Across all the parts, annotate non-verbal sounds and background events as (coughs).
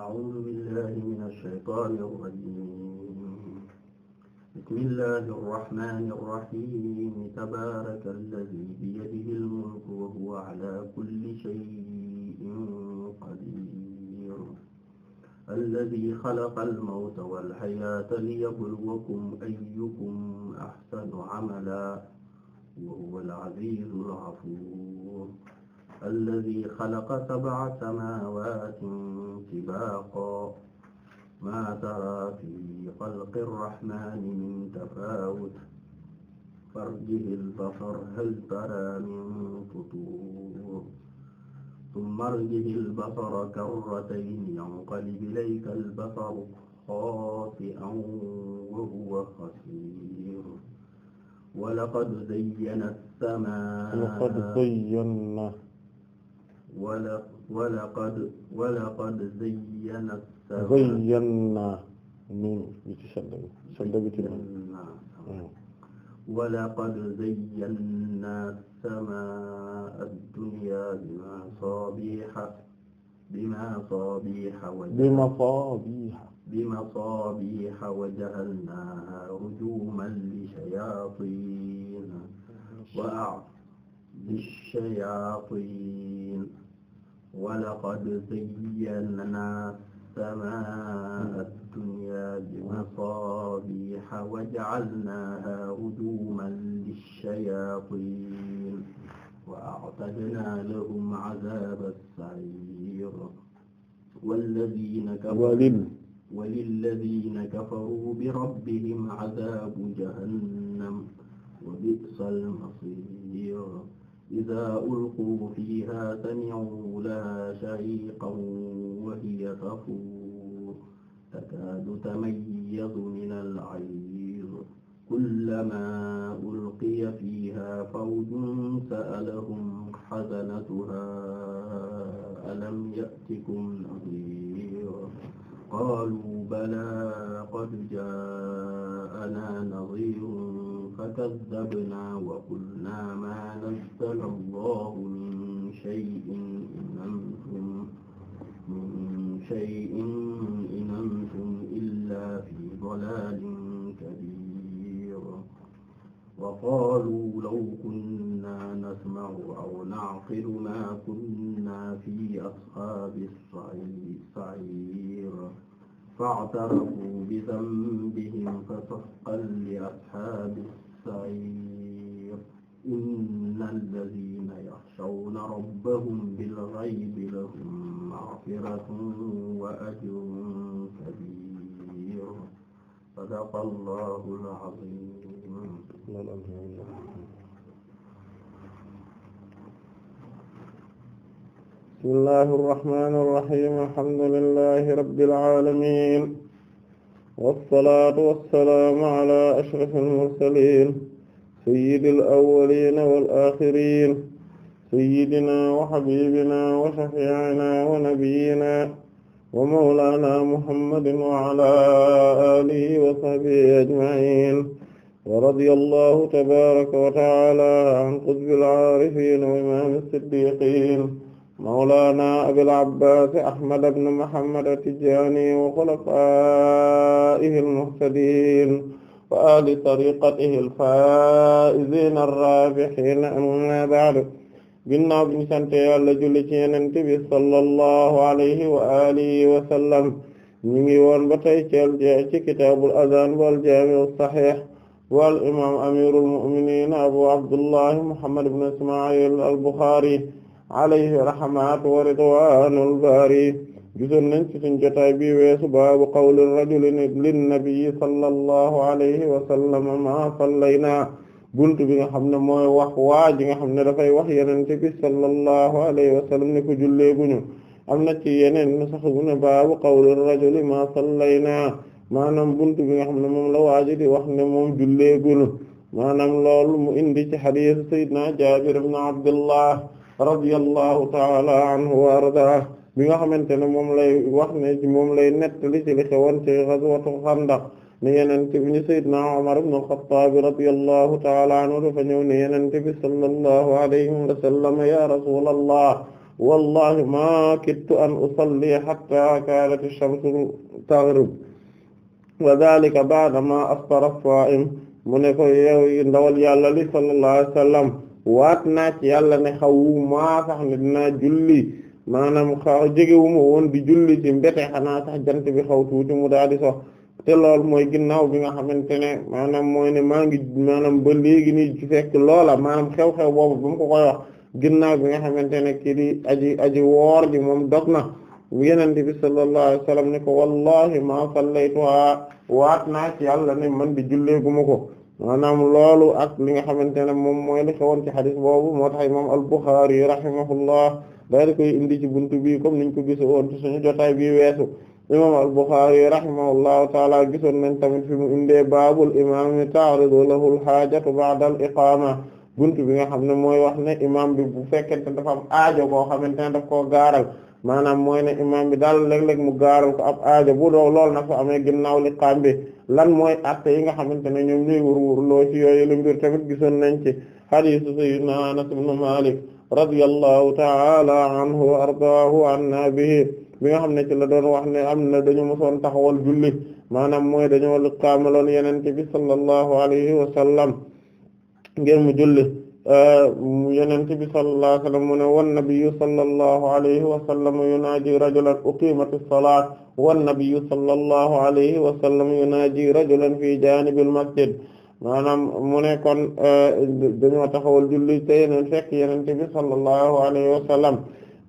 أعوذ بالله من الشيطان الرجيم بسم الله الرحمن الرحيم تبارك الذي بيده الملك وهو على كل شيء قدير الذي خلق الموت والحياة ليبلوكم أيكم أحسن عملا وهو العزيز الغفور الذي خلق سبع سماوات طباقا ما ترى في خلق الرحمن من تفاوت فارجه البصر هل ترى من فطور ثم ارجه البصر كرتين ينقلب إليك البصر خاطئا وهو خسير ولقد زينا السماء لقد زينا wala walaqad walaqad zayyana zayyana nun bi ci sadda bi sadda bi ci nun walaqad zayyana hmm. samaa ad-dunya bima sabiha bima sabiha wa bima sabiha bima sabiha wa ja'alnaha rujuman lishayatin wa lishayatin ولقد زينا السماء الدنيا بمصابيح وجعلناها رجوما للشياطين وأعتدنا لهم عذاب السعير والذين كفروا وللذين كفروا بربهم عذاب جهنم وبئس المصير إذا ألقوا فيها سمعوا لها شهيقا وهي تفور تكاد تميز من الغيظ كلما ألقي فيها فوج سألهم خزنتها ألم يأتكم نذير قالوا بلى قد جاءنا نذير فكذبنا وقلنا ما نزل الله من شيء إن أنتم من شيء إن أنتم إلا في ضلال كبير وقالوا لو كنا نسمع أو نعقل ما كنا في أصحاب السعير فاعترفوا بذنبهم فسحقا لأصحاب السعير السعير إن الذين يخشون ربهم بالغيب لهم مغفرة وأجر كبير صدق الله العظيم بسم الله الرحمن الرحيم الحمد لله رب العالمين wasalaatu wasalaamu ala ashrafil mursaliin sayyidil awwaliina wal aaxiriin sayyidinaa wa habiibinaa wa shafii'inaa wa nabiyyinaa wa mawlaanaa muhammadin wa ala aalihi wa sahbihi ajma'iin wa radiyallaahu tabaaraka wa ta'aalaa an qutbil aarifiin wa imaamil siddiiqiin mawlaana abil abbaas ahmad ibn muhammad at-tijaani wa xulafaa'ihi al-muhtadiin wa ahli tariqatihi al-faa'iziina ar-raabihiin ammaa ba'du ginnaaw bi ñu sant Yàlla julli ci Yonent bi sallallahu alayhi wa aalihi wa sallam ñu ngi woon ba tey ci kitaabul azaan wal jaami'u as-sahiih wal imaam amiirul mu'miniin abu abdullahi muhammad ibn ismaa'iil al-buxaari alayhi rahmatu wa ridwanul bari gisoon nañ ci suñ jotaay bi weesu baabu qawli rajuli linnabii sallallahu alayhi wa sallam ma sallayna buntu bi nga xam ne mooy wax waa ji nga xam ne dafay wax yenente bi sallallahu alayhi wa sallam ne ko jullee guñu am na ci yeneen nu sax bu ne baabu qawli rajuli ma sallayna maanaam buntu bi nga xam ne moom la waaji di wax ne moom jullee guñu maanaam loolu mu indi ci xadiis sayyidina Jaabir ibn Abdullah radiyallahu taala anhu wa ardaa bi nga xamante ne moom lay wax ne moom lay nettali ci li xewoon ci ghazwatu Xandaq ne yenente bi ni sayyidna Umar ibn al-Khattab radiyallahu taala anhu dafa ñëw ne yenente bi sallallahu alayhi wa sallam ya rasulallah wallahi ma kittu an usalli hatta kanat ash-shamsu taghrib wa dhalika ba'da ma aftara as-sa'im mu ne ko yow ndawal yàlla li sallallahu alayhi wa sallam waat naa ci yàlla ne xawu maa sax ne dinaa julli maanaam xaw jegewuma woon di julli ci mbete xanaa sax jant bi xaw tuuti mu daal di sox te lool mooy ginnaaw bi nga xamante ne maanaam mooy ne maa ngi maanaam ba léegi ni ci fekk loola maanaam xew-xew boobu ba mu ko koy ginnaw bi nga xamante ne kii di aji aji woor ji moom dog na yeneen bi sallallahu alayhi wasallam ne ko wallahi maa sallaytuha waat naa ci yàlla ne man di julleeguma ko maanaam loolu ak li nga xamante ne moom mooy li xewoon ci xadis boobu moo tax imam al-Bukhari rahimahullah daal di koy indi ci buntu bi comme niñ ko gis woon ci suñu jotaay bi weesu imam al-Bukhari rahimahullahu taala gisoon nañ tamit fi mu indee baabul imami taaridu lahu al-haajatu ba'da al-iqaama buntu bi nga xam ne mooy wax ne imam bi bu fekkente dafa am aajo boo xamante ne daf koo gaaral maanaam mooy ne bi daal léeg-léeg mu gaaral ko ab aajo bu doo lool na su amee ginnaaw li qaam bi lan mooy atte yi nga xamante ne ñoom ñuy wurwurloo ci yooyu lu mbir tamit gisoon nañ ci hadiisu sayyidina Anas ibn Malik radiyallahu ta'ala anhu wa ardaahu anna bihi bi nga xam ne ci la doon wax ne am na dañu mosoon taxawal julli maanaam mooy dañoo liqaamaloon yenente bi sallallahu alayhi wa sallam ngir mu julli Yonent bi sallallahu alayhi wa sallam mu ne wan nabiyyu sallallahu alayhi wa sallam yunaaji rajulan uqiimatis salaat wan nabiyyu sallallahu alayhi wa sallam yunaaji rajulan fi jaanibil masjid maanaam mu ne kon eh, dañoo taxawal julli te yeneen fekk Yonent bi sallallahu alayhi wa sallam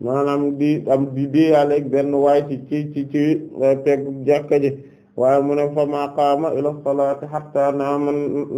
maanaam di am di diyaale ak benn waay ci ci ci ci eh, pegg jàkka ji waaye mu ne fa ma qaama ila salaati hatta naama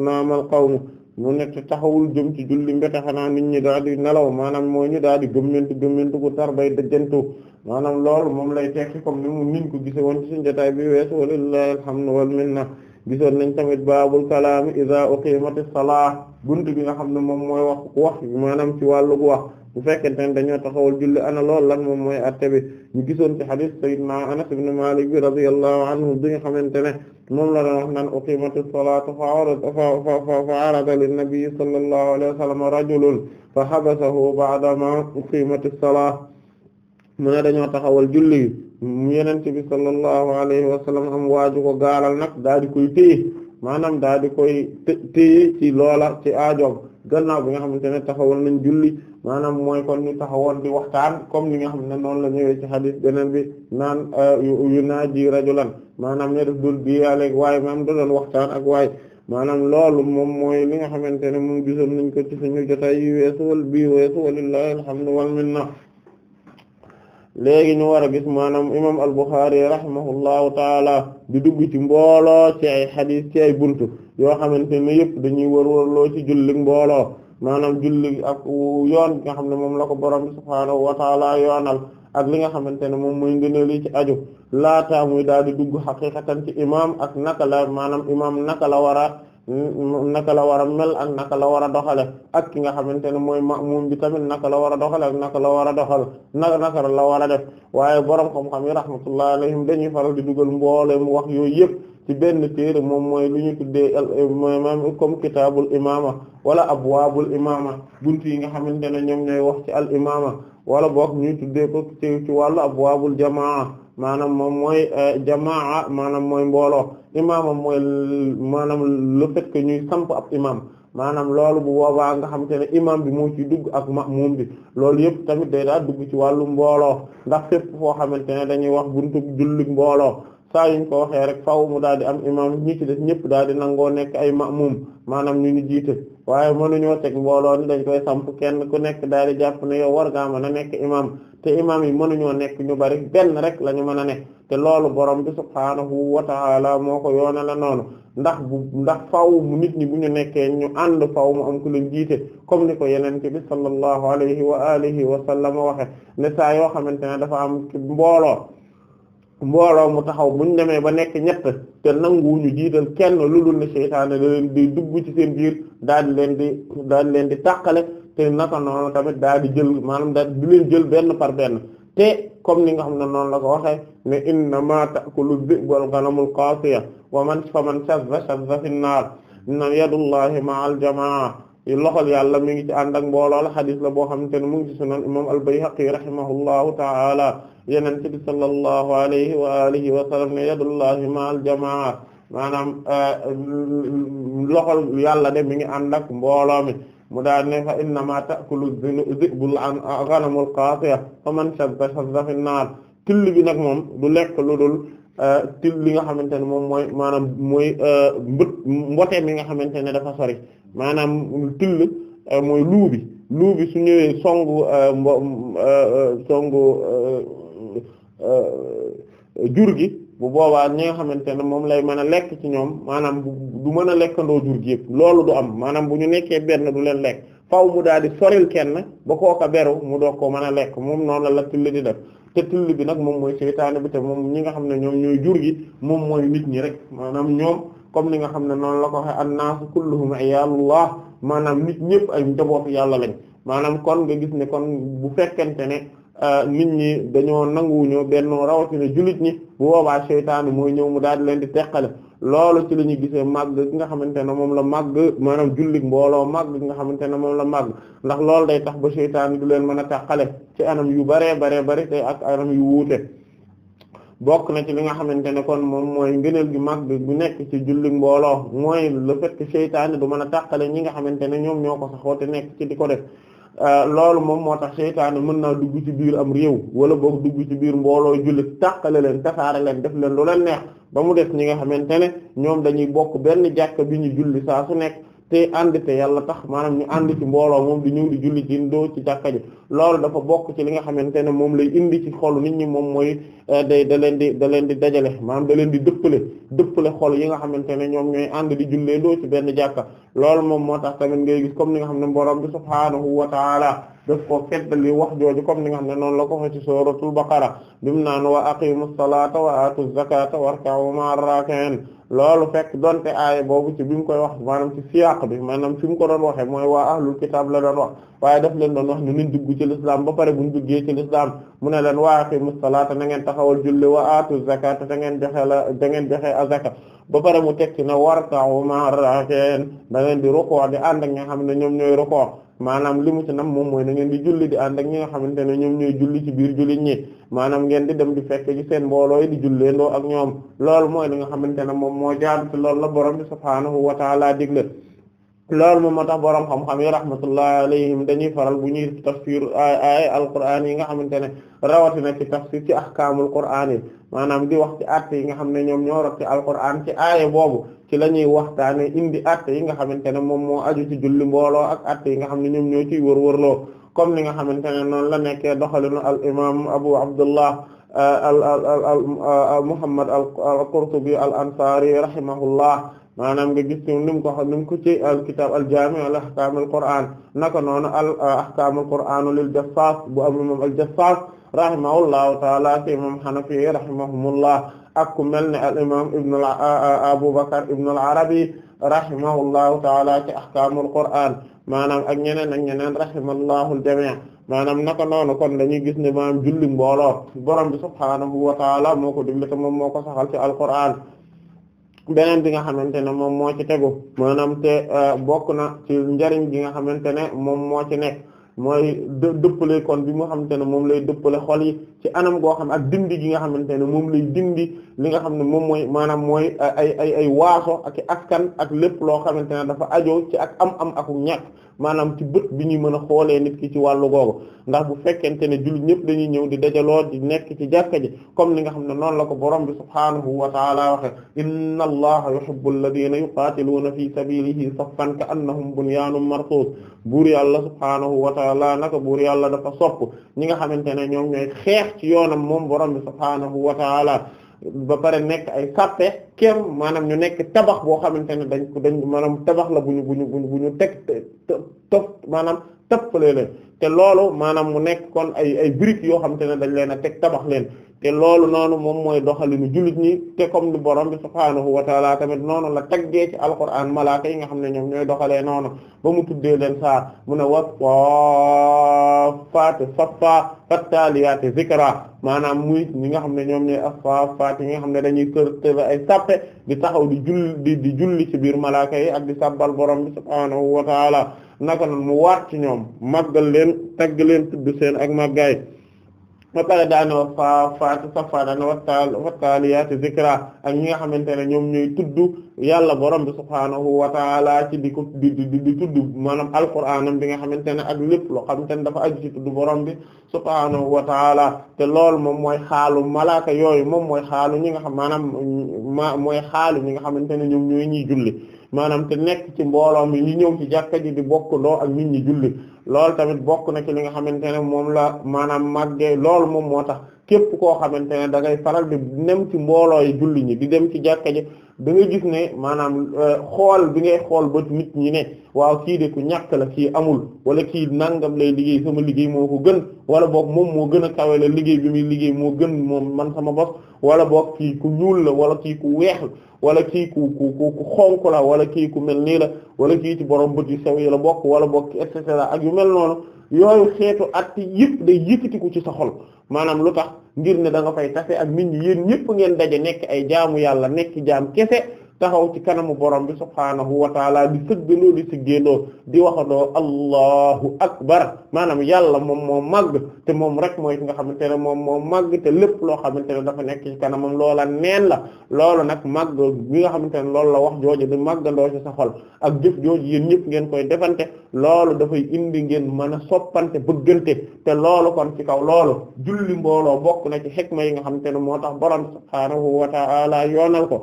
naamal qawmu mu nekk taxawul jëm ci julli mbete xanaa nit ñi daal di nelaw maanaam mooy ñu daal di gëmmantu gëmmantu gu tar bay dëjjantu maanaam loolu moom lay tekki comme ni mu niñ ko gise woon ci suñu jotaay bi weesu walillahi alhamdu wal minna gisoon nañ tamit baabul kalaami iza uqimati salaa bunt bi nga xam ne moom mooy wax wax maanaam ci wàllug wax bu fekkente ne dañoo taxawal julli ana lool lan moom mooy atte bi ñu gisoon ci xadis sayyidina anas ibn malik bi radiyallahu anhu bi nga xamante ne moom la doon wax naan uqimati salaatu fa arada linnabii sallallahu alayhi wa sallam rajulun fa habasahu ba'dama uqimati salaa mu ne dañoo taxawal julli gi mu yenente bi sallallahu alayhi wa sallam am waaju ko gaalal nag daa di koy téye maanaam daa di koy téye ci loola ci aajoog gannaaw bi nga xamante ne taxawal nañ julli maanaam mooy kon ñu taxawoon di waxtaan comme ni nga xam ne noonu la ñëwee ci xadis beneen bi naan euh, yu naa ji rajulan maanaam ne def dul di yàlleeg waaye maanaam da doon waxtaan ak waaye maanaam loolu moom mooy li nga xamante ne moom gisoon nañ ko ci suñu jotaay yi weesu wal bii weesu léegi ñu war a gis maanaam imam al-Bukhari rahimahullahu taala di dugg ci mbooloo ci ay xadis ci ay buntu yoo xamante ne yëpp dañuy loo ci julli mbooloo maanaam julli ak yoon nga xam ne moom la ko borom bi subhaanahu wa taala yoonal ak li nga xamante ne moom mooy ngëneel lii ci aju laata muy daal di dugg xaqiqatan ci imam ak naka la maanaam imam naka la war naka la war a mel ak naka la war a doxale ak ki nga xamante ne mooy ma'mum bi tamit naka la war a doxale ak naka la war a doxal naka naka la war a def waaye borom xam-xam yi rahmatullah alayhim dañuy faral di dugal mboolem wax yooyu yëpp ci benn téere moom mooy lu ñu tuddee al comme kitaabul imaama wala abwaabul imaama buntu yi nga xamante ne ñoom ñooy wax ci al imaama wala boog ñu tuddee ko ci wàllu wàllu abwaabul jamaa maanaam moom mooy eh, jamaa maanaam mooy mbooloo imaamam mooy maanaam le fait que ñuy ab imam maanaam loolu bu boobaa nga xamante ne imam bi moo ci dugg ak ma'muum bi loolu yëpp tamit day daal dugg ci wàllu mbooloo ndax fépp foo xamante ne dañuy wax buntu julli mbooloo saa yuñ ko waxee rek faaw mu daal di am imaam ñi ci def ñëpp daal di nangoo nekk ay ma'muum maanaam ñu ngi jiite waaye mënuñoo teg mbooloo ni koy samp kenn ku nekk daal di jàpp ne yow war ngaa mën nekk imaam te imaam yi mënuñoo nekk ñu bari benn rek la ñu mën a nekk te loolu borom bi subhaanahu wa ta'ala moo ko yoona la noonu ndax bu ndax faw mu nit ñi bu ñu nekkee ñu ànd faw mu am ku leen jiite comme ni ko yenente bi sallallahu alayhi wa alihi wa sallam waxe ne saa yoo xamante ne dafa am mbooloo mbooloo mu taxaw buñ demee ba nekk ñett te ñu jiital kenn lu dul ne seytaane da leen di dugg ci seen biir daal di leen di daal di leen di tàqale naka noonu tamit daal di jël maanaam daal di jël benn par benn te comme ni nga xam ne noonu la ko waxee ne innama ta'kulu dhi'bu wal ghanamul qasiya wa man fa man shadha shadha fi an-nar na yadullahi ma'al jamaa loxol yàlla mi ngi ci ànd ak mbooloo la xadis la boo xamante ne mu ngi ci sunan imam al-Bayhaqi rahimahullahu ta'ala yeneen bi sallallahu alayhi wa alihi wa sallam ne yadullahi ma'al jamaa maanaam eh, loxol yàlla de mi ngi ànd ak mbooloo mi mu daal ne fa innama ta'kulu dhibul ghanamul qaatiya fa man shadda shadda fi naar till bi nag moom du lekk lu dul eh, till li nga xamante ne moom mooy maanaam mooy eh, mbët mbote mi nga xamante ne dafa sori maanaam till mooy luu bi luu bi su ñëwee songu songu Euh, jur gi bu boobaa ñi nga xamante ne moom lay mën a lekk ci ñoom maanaam du mën a lekkandoo jur gi yëpp loolu du am maanaam bu ñu nekkee benn du leen lekk faw mu daal di soril kenn ba kooka beru mu doog ko mën a lekk moom noonu la la tulli di def te tulli bi nag moom mooy seytaane bi te moom ñi nga xam ne ñoom ñooy jur gi moom mooy nit ñi rek maanaam ñoom comme li nga xam ne noonu la ko waxee annaasu kulluhum iyaalullah maanaam nit ñëpp ay njabootu yàlla lañ maanaam kon nga gis ne ne Euh, nit ñi dañoo nanguwuñu benn rawatina julit ñi bu boobaa seytaanu mooy ñëw mu daal di leen di teqale loolu ci la ñuy gisee màgg gi nga xamante ne moom la màgg maanaam jullit mbooloo màgg gi nga xamante ne moom la màgg ndax day tax ba seytaanu du leen mën a teqale ci anam yu baree baree bari te ak anam yu wuute. bokk na ci li nga xamante ne kon moom mooy ngëneel gi mag bu nekk ci julli mbooloo mooy le fait que seytaane du mën a tàqale ñi nga xamante ne ñoom ñoo ko saxoo te nekk ci di ko def Euh, loolu moom moo tax seytaane mën naa dugg ci biir am réew wala boog dugg ci biir mbooloo jullit tàkkale leen tasaare leen def leen lu leen neex ba mu def ñi nga xamante ne ñoom dañuy bokk benn jàkka bi ñu julli saa su nekk te ànd te yàlla tax maanaam ñu ànd ci mbooloo moom di ñëw di julli ci ndoo ci jàkka ji loolu dafa bokk ci li nga xamante ne moom lay indi ci xolu nit ñi moom mooy eh, day da leen di da leen di dajale maanaam da leen di dëppale dëppale xol yi nga xamante ne ñoom ñooy ànd di jullee ndoo ci benn jàkka lool moom moo tax tamit ngay gis comme ni nga xam ne borom bi subhaanahu wa taala daf ko feddali wax jooju comme ni nga xam ne noonu la ko waxee ci ba baqara bi naa naan wa aqimus salata wa atuz zakata warka'u ma'ar raki'in loolu fekk donte aaya boobu ci bi mu koy wax maanaam ci siyaq bi maanaam fi mu ko doon waxee mooy waa ahlul kitaab la doon wax waaye daf leen doon wax nu nañ dugg ci l'islam ba pare buñ duggee ci l'islam mu ne leen wa aqimus salaata na ngeen taxawal julli wa aatu zakata da ngeen joxe la da ngeen joxe azaka ba pare mu tekki na warka'u ma'a rakiin da ngeen di rukkoo di ànd ak nga xam ne ñoom ñooy rukkoo maanaam li mu ci nam moom mooy na ngeen di julli di ànd ak ñi nga xamante ne ñoom ñooy julli ci biir jullit ñi maanaam ngeen di dem di fekk ci seen mbooloo yi di julleendoo ak ñoom lool mooy li nga xamante ne moom moo jaadu ci loolu la borom bi subhaanahu wa taala digle loolu moom moo tax boroom xam-xam yi rahmatullahi alayhim dañuy faral bu ñuy tafsir ay ay alquraan yi nga xamante ne rawatina ci tafsir ci ahkaamul quraan yi maanaam di wax ci àtte yi nga xam ne ñoom ñoo rot ci alquraan ci aaye boobu ci la ñuy waxtaane indi àtte yi nga xamante ne moom moo aju ci julli mbooloo ak àtte yi nga xam ne ñoom ñoo ciy wër-wërloo comme ni nga xamante ne noonu la nekkee doxalinu al imaam Abu Abdullah al al al Muhammad al Qurtubi al Ansari rahimahullah maanaam nga gis ni mu ko xam ni mu ko ci al kitaab al jaami al ahkaam al qur'aan naka noonu al ah, ahkaam al qur'aan lil jassaas bu am imam al jassaas rahimahullahu taala ci imam hanafi rahimahumullah ak ku mel ne al imam ibn al ah, ah, abubakar ibn al arabi rahimahullahu taala ci ahkaam al qur'aan maanaam ak ñeneen ak ñeneen rahimallahu al jamii maanaam naka noonu kon dañuy gis ne maanaam julli mbooloo borom bi subhaanahu wa taala moo ko digle te moom moo ko saxal ci al qur'aan beneen bi nga xamante ne moom moo ci tegu maanaam te euh, bokk na ci njariñ bi nga xamante ne moom moo ci nekk mooy dëppale kon bi nga xamante ne moom lay dëppale xol yi ci anam goo xam ak dindi gi nga xamante ne moom lay dimbi li nga xam ne moom mooy maanaam mooy ay ay ay waaso ak askan ak lépp loo xamante ne dafa ajo ci ak am-am ak ñàkk maanaam ci bët bi ñuy mën a xoolee nit ki ci wàllu googu ndax bu fekkente ne jullit ñëpp dañuy ñëw di dajaloo di nekk ci jàkka ji comme li nga xam ne noonu la ko borom bi subhaanahu wa taala waxe inna allaha yuhibbu alladhina yuqatiluuna fi sabilihi saffan ka annahum bunyaanun marsuus buur yàlla subhaanahu wa taala taala naka buur yàlla dafa sopp ñi nga xamante ne ñoom ñooy xeex ci yoonam moom borom bi subhaanahu wa taala ba pare nekk ay sàppe kem maanaam ñu nekk tabax boo xamante ne dañ ko dañ maanaam tabax la bu ñu bu bu ñu teg tof maanaam tëppalee leen te loolu maanaam mu nekk kon ay ay yoo xam te ne dañ leen a teg tabax leen te loolu noonu moom mooy doxalinu julit ñi te comme ni borom bi subhaanahu wa taala tamit noonu la taggee ci alquran malaaka yi nga xam ne ñoom ñooy doxalee noonu ba mu tuddee leen saar mu ne wassaafaat saffa fattaaliyaati zikra maanaam muy ñi nga xam ne ñoom ñooy assaafaat yi nga xam ne dañuy kër tëb ay sàppe di taxaw di julli di julli ci biir malaaka yi ak di sabbal borom bi subhaanahu wa naka noonu mu waat ci ñoom màggal leen tagg leen tudd seen ak màggaay ba pare daane wax fa faati safa daane taal wax taaliyaati zikra ak ñi nga xamante ne ñoom ñooy tuddu yàlla borom bi subhaanahu wa taala ci di ko di di di tudd maanaam alquraanam nga xamante ne ak lépp loo xamante ne dafa aju ci tudd borom bi subhaanahu wa taala te lool moom mooy xaalu malaaka yooyu moom mooy xaalu ñi nga xam maanaam ma mooy xaalu ñi nga xamante ne ñoom ñooy ñuy julli maanaam te nekk ci mbooloo mi ñi ñëw ci jàkka ji di bokk ak nit ñi julli loolu tamit bokk na ci li nga xamante ne moom la maanaam màgge lool moom moo tax képp koo xamante ne da ngay faral di nem ci mbooloo yi julli ñi di dem ci jàkka ji da ngay gis ne maanaam euh, xool bi ngay xool ba nit ñi ne waaw kii de ku ñàkk la kii amul wala kii nangam lay liggéey sama liggéey moo ko gën wala boog moom moo gën a kawe la liggéey bi muy liggéey moo gën moom man sama bopp wala boog kii ku ñuul la wala kii ku weex la wala kii ku ku ku la wala kii ku mel nii la wala kii ci borom bët yu sew yi la bokk wala bokk et cetera ak yu mel noonu yooyu xeetu at yëpp day yëkkatiku ci sa maanaam lu tax ngir ne da nga fay tase ak nit ñi yéen ngeen daje nekk ay jaamu yàlla nekk jaam kese taxaw ci kanamu borom bi subhaanahu wa taala di sëggaloo di siggéendoo di waxandoo allahu akbar maanaam yàlla moom moo màgg te moom rek mooy nga xamante ne moom moo màgg lépp loo xamante ne dafa nekk kanamam loola neen la loolu nag màgg bi nga xamante ne loolu la wax jooju di màggandoo ci sa ak jëf jooju yéen ngeen koy defante loolu dafay indi ngeen mën a soppante bëggante te loolu kon ci kaw loolu julli mbooloo bokk na ci xikma yi nga xamante ne moo tax borom subhaanahu wa taala yoonal ko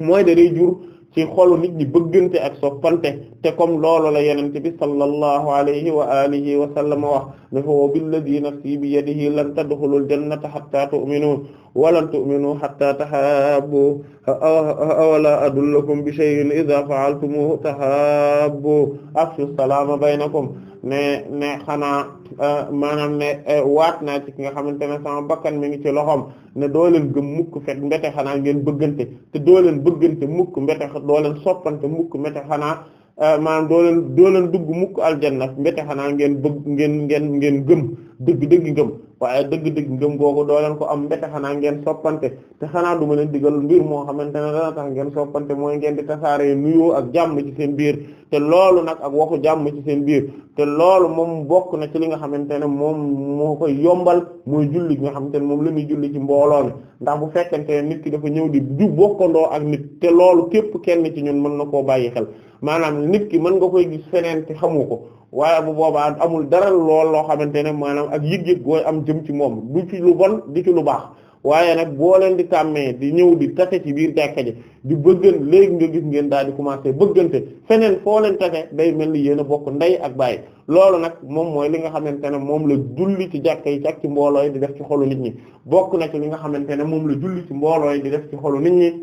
mooy ne day jur ci xolu nit ñi bëggante ak soppante te comme loolu la yenente bi sallallahu alayhi wa alihi wa sallam wax dafa wa billadhi nafsi bi yadihi lan tadxulul jannata hatta tu'minu wa lan tu'minu hatta tahabbu awala adullukum bi shay'in idha fa'altumuhu tahabbu afshu salama baynakum ne ne xanaa euh, maanaam ne euh, waat naa ci ki nga xamante ne sama bakkan mi ngi ci loxoom ne doo leen gëm mukk fet mbete xanaa ngeen bëggante te doo leen bëggante mukk mbete doo leen soppante mukk mbete xanaa euh, maanaam doo leen doo leen dugg mukk aljanna mbete xanaa ngeen bëgg ngeen ngeen ngeen gëm dëgg dëgg ngëm waaye dëgg-dëgg ngëm googu doo leen ko am mbete xanaa ngeen soppante te xanaa du ma leen digal mbir moo xamante ne dana tax ngeen soppante mooy ngeen di tasaare nuyoo ak jàmm ci seen biir te loolu nag ak waxu jàmm ci seen biir te loolu moom bokk na ci li nga xamante ne moom moo koy yombal mooy julli bi nga xamante ne moom la ñuy julli ci mbooloo mi ndax bu fekkente ne nit ki dafa ñëw di ju bokkandoo ak nit te loolu képp kenn ci ñun mën na koo bàyyi xel maanaam nit ki mën nga koy gis feneen te xamu ko waaye amul dara lool loo xamante ne maanaam ak yëg-yëg am jëm ci moom du ci lu bon di ci lu baax waaye nag boo leen di tàmmee di ñëw di tase ci biir jàkka ji di bëggan léegi nga gis ngeen daal di commencé bëggante feneen foo leen tase day mel ni yéen a bokk ndey ak baay loolu nag moom mooy li nga xamante ne moom la julli ci jàkka yi ak mbooloo yi di def ci xolu nit ñi bokk na ci nga xamante ne moom la julli ci mbooloo yi def ñi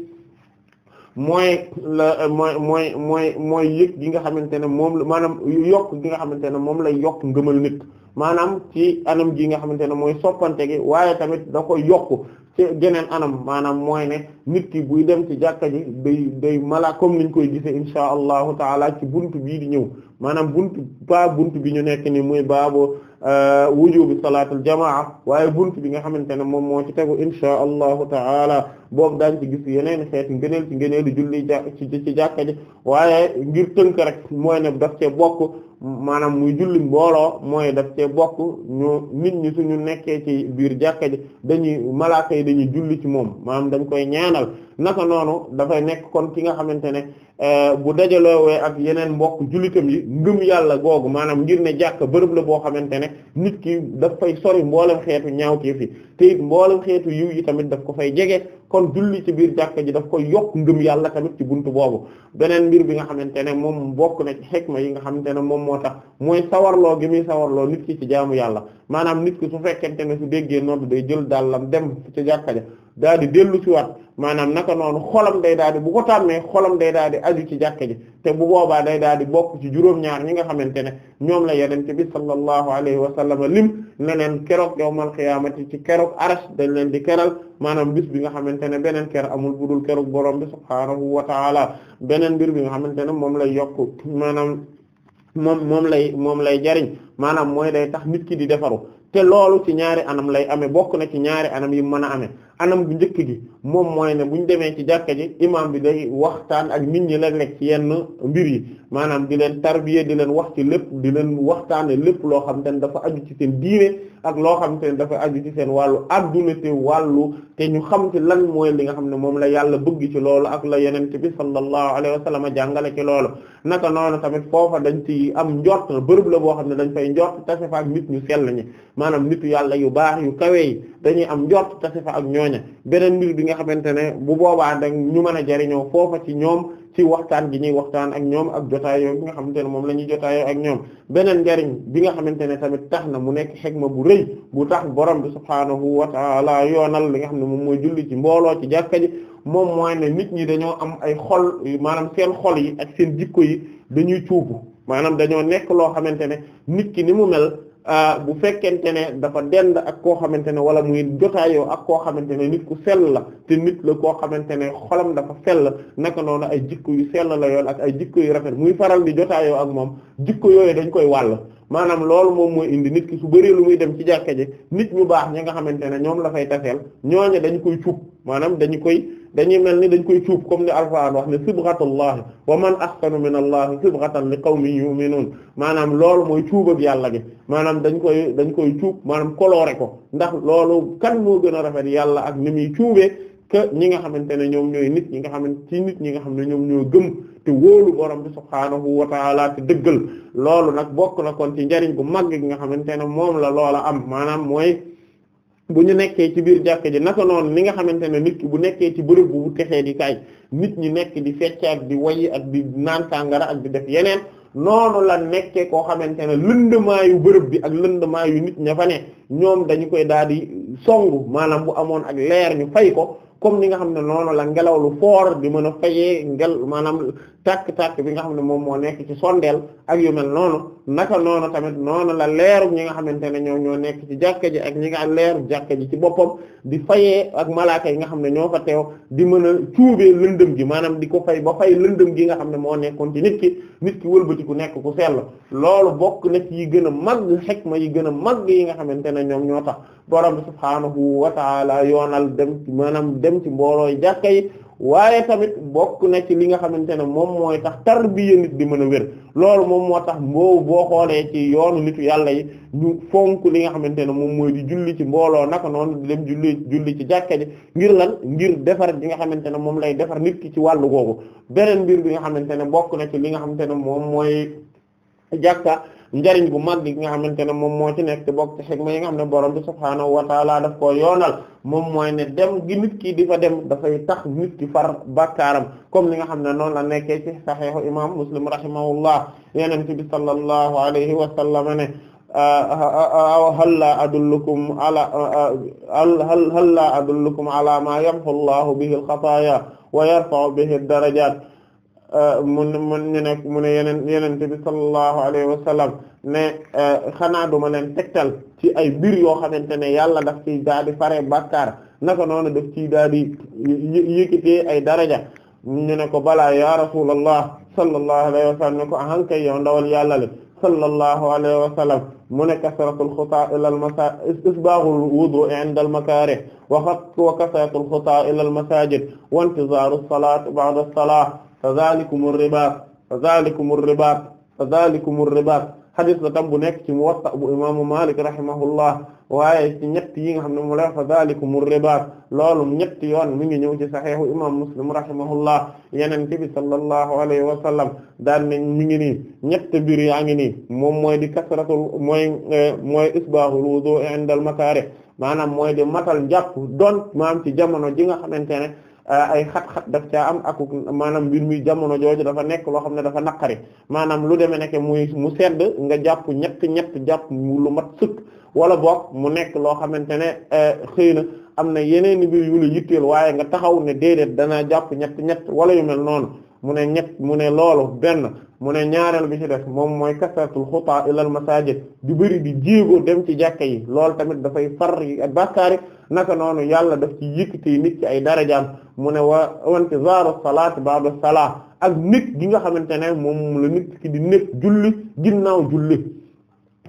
mooy la mooy mooy mooy mooy yëg gi nga xamante ne moom la maanaam yokk gi nga xamante ne moom lay yokk ngëmal nit maanaam ci anam gi nga xamante ne mooy soppante gi waaye tamit da koy yokk ci geneen anam maanaam mooy ne nit ki buy dem ci jàkka ji day day mala comme niñ koy gisee insha allahu taala ci buntu bii di ñëw maanaam buntu ba buntu bi ñu nekk ni muy baabo euh, wujubi salaatul jamaa waaye buntu bi nga xamante ne moom moo ci tegu insha allahu taala boobu daañ ci gis yeneen xeeti ngëneel ci ngëneelu julli ja ci ci jàkka ji waaye ngir tënk rek mooy ne daf cee bokk maanaam muy julli mbooloo mooy daf cee bokk ñu nit ñi suñu nekkee ci biir jàkka ji dañuy malaaka dañuy julli ci moom maanaam dañ koy ñaanal naka noonu dafay nekk kon ki nga xamante ne eh, bu we ak yeneen mbokk jullitam yi ngëm yàlla googu maanaam ngir ne jàkka bërëb la boo xamante ne nit ki daf fay sori mboolem xeetu ñaaw kii fi te it xeetu yiw yi tamit daf ko fay jege kon julli ci biir jàkka ji daf koy yokk ngëm yàlla tamit ci buntu boobu beneen mbir bi nga xamante ne moom mbokk na ci ma yi nga xamante ne moom moo tax mooy sawarloo gi muy sawarloo nit ki ci jaamu yàlla maanaam nit ki su fekkente ne su déggee nodd day jël dàllam dem ci jàkka daal di dellu si waat maanaam naka noonu xolam day daal bu ko tàmmee xolam day daal di aju ci jàkka ji te bu boobaa day daal di bokk ci juróom-ñaar ñi nga xamante ne ñoom la yenente bi sallallahu alayhi wa sallam lim ne leen keroog yawmal qiyaamati ci keroog arash dañ leen di keral maanaam bis bi nga xamante ne beneen ker amul budul keroog borom bi subhaanahu wa taala beneen mbir bi nga xamante ne moom lay yokk maanaam moom moom lay moom lay jariñ maanaam mooy day tax nit ki di defaru te loolu ci ñaari anam lay amee bokk na ci ñaari anam yi mën a amee anam bu njëkk gi moom mooy ne bu ñu demee ci jàkka ji imaam bi day waxtaan ak nit ñi leen lekk ci yenn mbir maanaam di leen tarbiya di leen wax ci lépp di leen waxtaane lépp loo xam ne dafa aju ci seen diine ak loo xam ne dafa aju ci seen wàllu adduna te wàllu te ñu xam ci lan mooy li nga xam ne moom la yàlla bëgg ci loolu ak la yenente bi sallallahu alayhi wa sallam jàngale ci loolu naka noonu tamit foofa dañ ci am njort bërëb la boo xam ne dañ fay njort tase fa nit ñu sell ñi maanaam yu baax yu kawe yi dañuy am njort tase bi nga xamante ne bu boobaa da ñu mën a jariñoo foofa ci ñoom ci waxtaan gi ñuy waxtaan ak ñoom ak jotaayoo bi nga xamante ne moom la ñuy ak ñoom beneen njariñ bi nga xamante ne tamit tax na mu nekk xegma bu rëy bu tax borom bi subhaanahu wa ta'ala yoonal li nga xam ne moom mooy julli ci mbooloo ci jàkka moom mooy ne nit ñi dañoo am ay xol maanaam seen xol yi ak seen jikko yi dañuy cuubu maanaam dañoo nekk loo xamante nit ki ni mu mel Euh, bu fekkente ne dafa dend ak koo xamante ne wala muy jotaayoo ak koo xamante ne nit ku sell la te nit la koo xamante ne xolam dafa sell naka noonu ay jikko yu sell la yoon ak ay jikko yu rafet muy faral di jotaayoo ak moom jikko yooyu dañ koy wàll maanaam loolu moom mooy indi nit ki su bëree lu muy dem ci jàkka ji nit ñu baax ñi nga xamante ne ñoom la fay taseel ñooñu dañ koy cuub maanaam dañu koy. dañuy mel ni dañ koy cuub comme ni alquran wax ne sibghatullahi wa man ahsanu min allahi sibghatan li qawmin yu'minun maanaam loolu mooy cuub yàlla gi maanaam dañ koy dañ koy cuub maanaam koloore ko ndax loolu kan moo gën a rafet yàlla ak ni muy cuubee que ñi nga xamante ne ñoom ñooy nit ñi nga xamante ci nit ñi nga xam ne ñoom ñoo gëm te wóolu borom bi subhaanahu wa ta'ala te dëggal loolu nag bokk na koon ci njariñ gu mag gi nga xamante ne moom la loola am maanaam mooy bu ñu nekkee ci biir jàkk ji naka noonu li nga xamante ne nit ki bu nekkee ci bërëb bu texee di kaay nit ñi nekk di fecc ak di wayi ak di naan sàngara ak di def yeneen noonu la nekkee koo xamante ne lëndëmaayu bërëb bi ak lëndëmaayu nit ña fa ne ñoom dañu koy daal di songu maanaam bu amoon ak leer ñu fay ko comme ni nga xam ne noonu la ngelaw lu fort di mën a fayee ngel maanaam tàkk-tàkk bi nga xam ne moom moo nekk ci sondeel ak yu mel naka noonu tamit noonu la leeru ñi nga xamante ne ñoom ñoo nekk ci jàkka ji ak ñi nga leeru jàkka ji ci boppam di fayee ak malaaka yi nga xam ne ñoo fa teew di mën a cuubee lëndëm gi maanaam di ko fay ba fay lëndëm gi nga xam ne moo nekkoon ci nit ki nit ki wëlbati ku nekk ku sell loolu bokk na yi gën a mag yi nga xamante ne na ñoom ñoo tax borom bi subhaanahu wa taala yoonal dem ci maanaam dem ci mboolooy jàkka yi waaye tamit bokk na ci li nga xamante ne moom mooy tax tarbiya nit di mën a wér loolu moom moo tax mboobu boo xoolee ci yoonu nitu yàlla ñu fonk li nga xamante ne moom mooy julli ci mbooloo naka noonu di dem julli julli ci jàkka ji ngir lan ngir defar bi nga xamante ne moom lay defar nit ki ci wàllu googu beneen mbir bi nga xamante ne bokk na ci li nga xamante ne moom mooy jàkka njariñ bu mag di nga xamante ne moom moo ci nekk te bokk ci xikma yi nga xam ne borom bi subhaanahu wa taala daf yoonal moom mooy ne dem gi nit di fa dem dafay tax nit ki far bakkaaram comme li nga xam ne noonu la nekkee ci saxiixu imam muslim rahimahullah yenente bi sallallahu alayhi wa sallam ne halla adullukum ala halla adullukum ala ma yamhu llahu bihi al-xataaya wa yarfa'u bihi ad-darajaat mun mun ñu nekk mu ne yeneen yenente bi sallallahu alayhi wa sallam ne eh, xanaa duma leen tegtal ci ay mbir yoo xamante ne yàlla daf ciy daal di fare bàkkaar naka noonu daf ciy daal di yëkkatee ay daraja ne ko balaa ya rasulallah sallallahu alayhi wa sallam ne ko ahan kay yow ndawal yàlla le sallallahu alayhi wa sallam mu ne kasratul xutaa ila al masa wudu inda al makaarih wa xat wa kasratul xutaa ila al wa intizaaru salaat ba'da salaat fa zalikum ar-ribaat fa zalikum ar-ribaat fa zalikum ar-ribaat xadis la tam bu nekk ci Muwatta bu imaamu Maalik rahimahullah waaye ci ñett yi nga xam ne mu la fa zalikum ar-ribaat loolu ñetti yoon mi ngi ñëw ci saxiixu imaam Muslim rahimahullah Yonent bi sallallahu alayhi wa sallam daan nañ mi ngi nii ñett biir yaa ngi nii moom mooy di kasratul mooy eh, mooy isbaaxul wudu' inda al-makaarih maanaam mooy di matal njàpp doon maam ci jamono ji nga xamante ne Euh, ay xat-xat daf caa am ak maanaam mbir muy jamono jooju dafa nekk loo xam ne dafa naqari maanaam lu demee nekk muy mu sedd nga jàpp ñett ñett jàpp mu lu mat sëkk wala boog mu nekk loo xamante ne euh, xëy na am na yeneen mbir yu la yitteel waaye nga taxaw ne déedéet danaa jàpp ñett ñett wala yu mel noonu mu ne ñett mu ne loolu benn mu ne ñaareel bi ci def moom mooy kasratul xutaa ilal masajid di bëri di jéego dem ci jàkka yi loolu tamit dafay far yi ak bàkkaari naka noonu yàlla def ci yëkkati nit ci ay darajaam mu ne wa intizaaru salaat ba'da salaat ak nit gi nga xamante ne moom la nit ki di nekk julli ginnaaw julli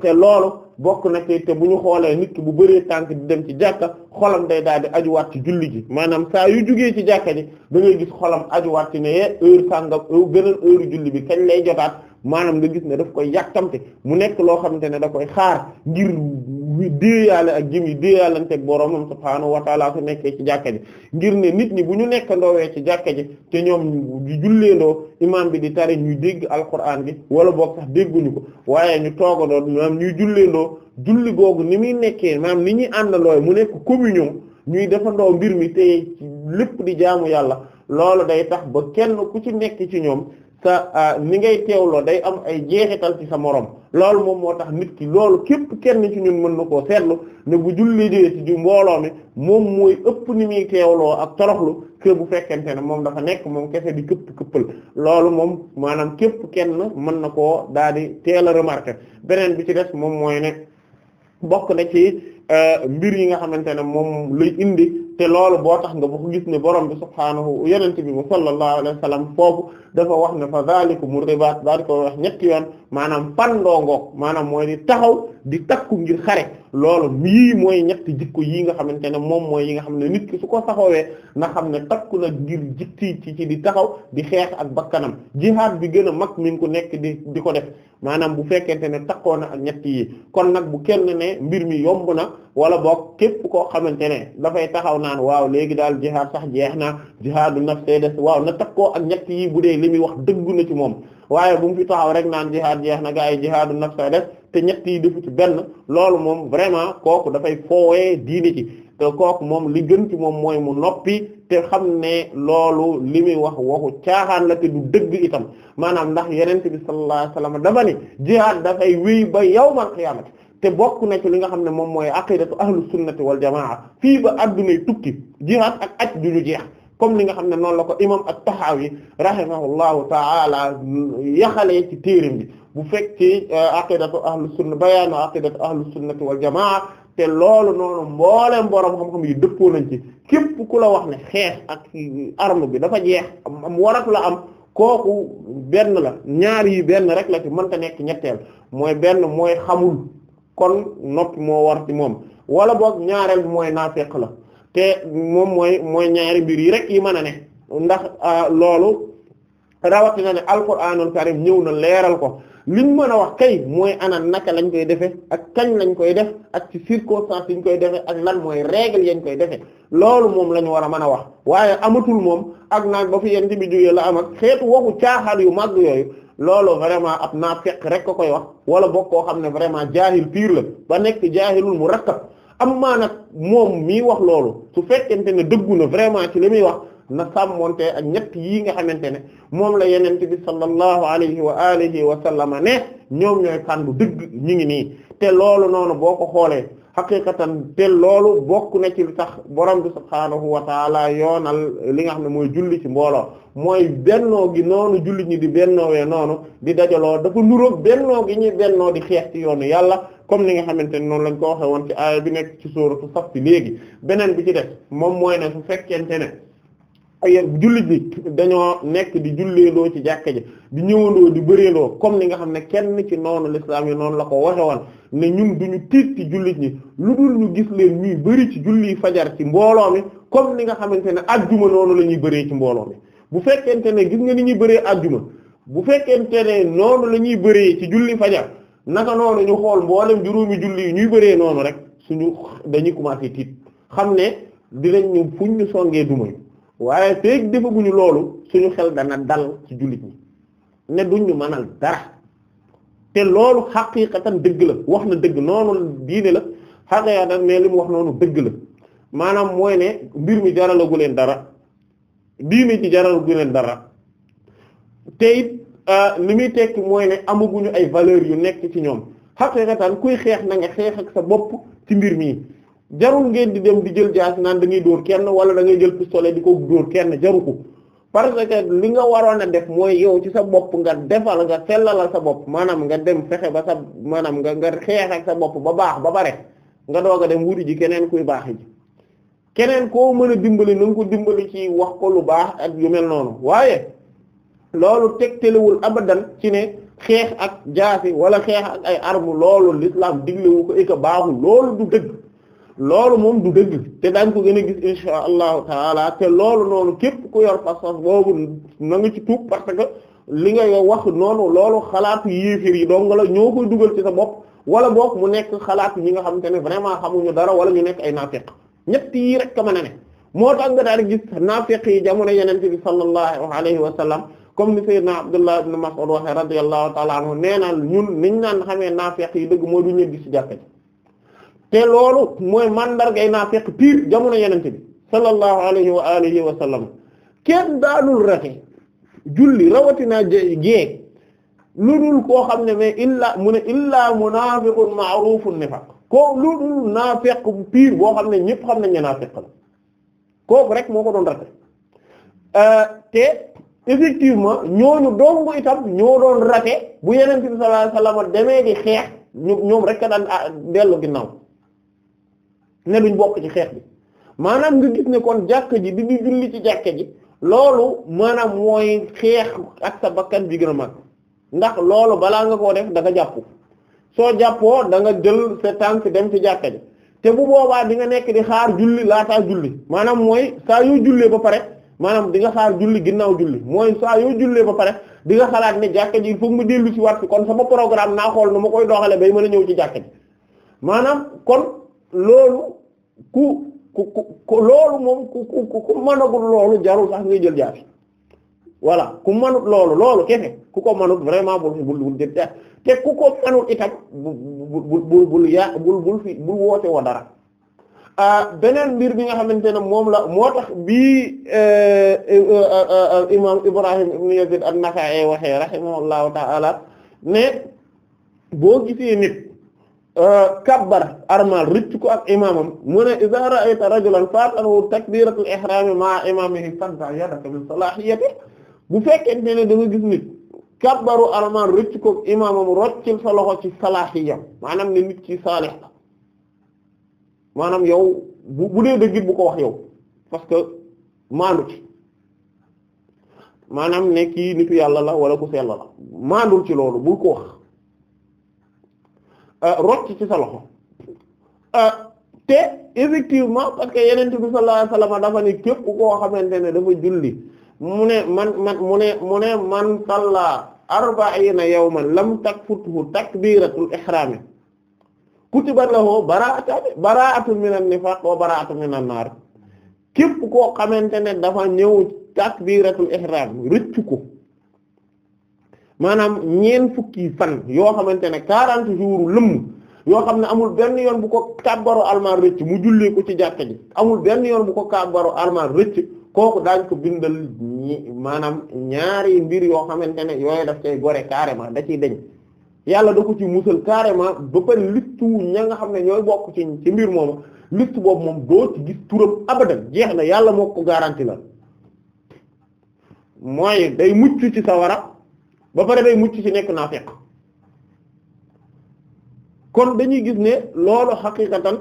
te loolu bokk na ci te bu ñu xoolee nit ki bu bëree tànk di dem ci jàkka xolam day daal di ajuwaat ci julli gi maanaam saa yu jugee ci jàkka ji da ngay gis xolam ajuwaat ci ne heure sàngam beneen heure julli bi kañ lay jotaat maanaam nga gis ne daf koy yàkkamte mu nekk loo xamante ne da koy xaar ngir déeyaale ak jëm yi déeyaalante ak boromam subhaanahu wa taala su nekkee ci jàkka ji ngir ne nit ñi bu ñu nekkandoowee ci jàkka ji te ñoom di julleendoo imaam bi di tari ñuy dégg alquran bi wala boog sax dégguñu ko waaye ñu toogandoo maanaam ñuy julleendoo julli googu ni muy nekkee maanaam ni ñuy àndandoo mu nekk communion ñuy defandoo mbir mi te lépp di jaamu yàlla loolu day tax ba kenn ku ci nekk ci ñoom sa ah, ni ngay teewloo day am ay jeexital ci sa moroom loolu moom moo tax nit ki loolu képp kenn ci ñun mën na koo seetlu ne bu julli dee ci ju mbooloo mi moom mooy ëpp ni muy teewloo ak toroxlu que bu fekkente ne moom dafa nekk moom kese di këpp këppal loolu moom maanaam képp kenn mën na koo daal di teela a remarqué beneen bi ci des moom mooy ne bokk na ci ah, mbir yi nga xamante ne moom luy indi te loolu boo tax nga ba ko gis ne borom bi subhaanahu yenente bi mu sallallahu alayhi wa sallam foofu dafa wax ne fa zalikum ribaat daal di ko wax ñetti yoon maanaam pandoongoog maanaam mooy di taxaw di takku ngir xare loolu yii mooy ñetti jikko yi nga xamante ne moom mooy yi nga xam ne nit ki su ko saxawee na xam ne takku na ngir jikti ci ci di taxaw di xeex ak bakkanam jihaad bi gën a mag mi ku nekk di di ko def maanaam bu fekkente ne takkoo na ak ñetti yi kon nag bu kenn ne mbir mi yomb na wala boog képp koo xamante ne dafay taxaw naan waaw léegi daal jihaad sax jeex na jihaadu nafsi des waaw na takkoo ak ñetti yi bu dee li muy wax dëggu na ci moom waaye bu mu fi taxaw rek naan jihaad jeex na gaa yi jihaadu nafsi des te ñett yi defu ci benn loolu moom vraiment kooku dafay foowee diine ci te kooku moom li gën ci moom mooy mu noppi te xam ne loolu li muy wax waxu caaxaan la te du dëgg itam maanaam ndax yenente bi sallallahu alayhi wasallam dafa ni jihaad dafay wéy ba yawmal qiyaamati te bokk nañ ci li nga xam ne moom mooy aqidatu ahlus sunnati wal fii ba addunay tukki jihaad ak aj du ñu jeex comme li nga xam ne noonu la ko imam at-Tahawi rahimahullahu ta'ala yaxalee ci téeram bi bu fekk ci euh, aqidatu ahlus sunna a aqidatu ahlus sunnati wal jamaa te loolu noonu mbooleem boroom xam-xam yi dëppoo ci képp ku la wax ne xeex ak arme bi dafa jeex am waratu la am kooku benn la ñaar yi benn rek la ci mënta nekk ñetteel mooy benn mooy xamul kon noppi moo war moom wala boog ñaareel bi mooy naafeq la te moom mooy ñaari mbir yi rek yi mën a ne ndax euh, loolu rawatina ne alquranul karim ñëw na leeral ko liñ mën a wax kay mooy ana naka lañ koy defee ak kañ lañ koy def ak ci circonstance yiñ koy defee ak lan mooy règle yañ koy defee loolu moom la ñu war a mën a wax waaye amatul moom ak naag ba fi yent bi jógee la am ak xeetu waxu caaxaan yu màgg yooyu loolu vraiment ab naa fekk rek a koy wax wala boog koo xam ne vraiment jaahil piir la ba nekk jaahilul mu rakkab am maa nag moom mii wax loolu su fekkente ne dëggu na vraiment ci li muy wax na sàmmonte ak ñett yii nga xamante ne moom la yenente bi sallallahu alayhi wa alihi wa sallama ne ñoom ñooy fàndu dëgg ñi ngi nii te loolu noonu boo ko xoolee xaqiqatan te loolu bokk na ci lu tax borom bi subhaanahu wa taala yoonal li nga xam ne mooy julli ci mbooloo mooy bennoo gi noonu julli ñi di bennoowee noonu di dajaloo dafa nuroog bennoo gi ñuy bennoo di xeex ci yoonu yàlla comme ni nga xamante ne noonu lañ ko waxee woon ci aaya bi nekk ci sóoratu Saff léegi beneen bi ci def moom mooy ne su fekkente ne dafa yer jullit bi dañoo nekk di julleendoo ci jàkka ji di ñëwandoo di bëreendoo comme ni nga xam ne kenn ci noonu l'islam yi noonu la ko waxe woon ne ñun duñu tiit ci jullit ñi lu dul ñu gis leen ñuy bëri ci julli fajar ci mbooloo mi comme ni nga xamante ne ajjuma noonu la ñuy bëree ci mbooloo mi bu fekkente ne gis nga ni ñuy bëree ajjuma bu fekkente ne noonu la ñuy bëree ci julli fajar naka noonu ñu xool mboolem juróomi julli yi ñuy bëree noonu rek suñu dañuy commencé tiit xam ne dinañ ñu fuñ ñu songee dumañu waaye feeg defaguñu loolu suñu xel dana dal ci jullit ñi ne duñu mënal dara te loolu xaqiiqatan dëgg la wax na dëgg noonu diine la xaqiiqatan mais li mu wax noonu dëgg la maanaam mooy ne mbir mi jaralagu leen dara diine ci jaralagu leen dara te it euh, li muy tekki mooy ne amaguñu ay valeurs yu nekk ci ñoom xaqiiqatan kuy xeex na xeex ak sa bopp ci mbir mii jarul ngeen di dem di jël jaas naan da ngay dóor kenn wala da ngay jël pistolet di ko dóor kenn jaru ko parce que li nga waroon a def mooy yow ci sa bopp nga defal nga sellalal sa bopp maanaam nga dem fexe ba sa maanaam nga nga xeex ak sa bopp ba baax ba bare nga doog a dem wuti ji keneen kuy baax ji keneen koo mën a dimbali na ko dimbali ci wax ko lu baax ak yu mel noonu waaye loolu teg tegtalewul abadan ci ne xeex ak jaasi wala xeex ak ay arme loolu l'islam diglewu ko baaxul loolu du dëgg loolu moom du dëgg te daañ ko gën a gis insha allahu taala te loolu noonu képp ku yor pas-pas boobu na nga ci tuub parce que li nga wax noonu loolu xalaatu yéefér yi dong la ñoo koy dugal ci sa bopp wala boog mu nekk xalaatu ñi nga xam te ne vraiment xamuñu dara wala ñu nekk ay naafiq ñett yi rek ka mën a ne moo tax nga daal gis naafiq yi jamono yeneen bi sallallahu alayhi wa comme ni sayyidna Abdullah ibn Mas'ud waxe radiyallahu taala anhu nee na ñun niñ naan xamee naafiq yi dëgg moo du ñëw gis ci jàkka ji te loolu mooy mandargay naafiq pire jamono yenente bi sallallahu alayhi wa alihi wa sallam kenn daanul rate julli rawatina jeeg lu dul koo xam ne mais illaa mu ne illaa munaafiqun ma'rufun nifaq lu dul naafiq pire boo xam ne ñëpp xam nañ ne naafiq la kooku rek moo ko doon rate euh, te effectivement ñooñu dong itam ñoo doon rate bu yenente bi sallallahu demee di xeex ñoom rek ka daan ah, dellu ginnaaw ne duñ bokk ci xeex bi maanaam nga gis ne kon jàkka ji di di julli ci jàkka ji loolu maanaam mooy xeex ak sa bakkan bi gën a ndax loolu balaa nga koo def da nga jàpp soo jàppoo da nga jël sa tànk dem ci jàkka ji te bu boobaa di nga nekk di xaar julli laataa julli maanaam mooy saa yoo jullee ba pare maanaam di nga xaar julli ginnaaw julli mooy saa yooyu jullee ba pare di nga xalaat ne jàkka ji il faut mu dellu ci waat kon sama programme naa xool nu ma koy doxale bay mën a ñëw ci jàkka loolu ku ku ku loolu moom ku ku ku managul loolu jarul sax ngay jël jaabi voilà ku manut loolu loolu kese ku ko manut vraiment bul bul bul jël jaabi te ku ko manut itam bu bu bu bul yaa bul bul fi bul woote wa dara ah, beneen mbir mi nga xamante ne moom la moo tax bii eh, eh, eh, imam Ibrahim ibn Yazid an-Nakha'i waxee rahimahullahu ta'ala ne boo gisee nit Euh, kabbar armal rëcc ko ak imaamam mu ne iza ra'ayta rajulan fatahu takbiratul ihram ma imamihi fadda yadaka min salahiyati bu fekkee ne da nga gis nit kabbaru armal rëcc ko ak imaamam roccil sa loxo ci salahiyam maanaam ne nit ci saalih la maanaam yow bu bu dee dëggit bu ko wax yow parce que maandu ci maanaam ne kii nit yàlla la walla ku sell la maandul ci loolu bu ko wax Euh, rocc ci sa loxo euh, te effectivement parce que yeneen bi sallallahu alayhi dafa ne képp koo xamante ne dafa julli mu ne man man mu ne mu ne man salla arba'ina yawman lam takfuthu takbiratul ihram kutiba lahu bara'atun bara'atun minan nifaq wa bara'atun minan nar képp koo xamante ne dafa ñëw takbiratul ihram rëccu ko maanaam ñeent fukki fan yoo xamante ne 40 jours lëmm yoo xam ne amul benn yoon bu ko kabbaru almaan rëcc mu jullee ko ci jàkka ji amul benn yoon bu ko kabbaru almaan rëcc kooku daañ ko bindal maanaam ñaari mbir yoo xamante ne yooyu daf cay gore carrément da ciy deñ yàlla da ko ci musal carrément ba pare liste wu ña nga xam ne ñooy bokk ci ci mbir moomu liste boobu moom doo ci gis turam abadan jeex na yàlla moo ko garanti la mooy day mucc ci sawara ba pare day mucc ci nekk naafiq kon dañuy gis ne loolu xaqiqatan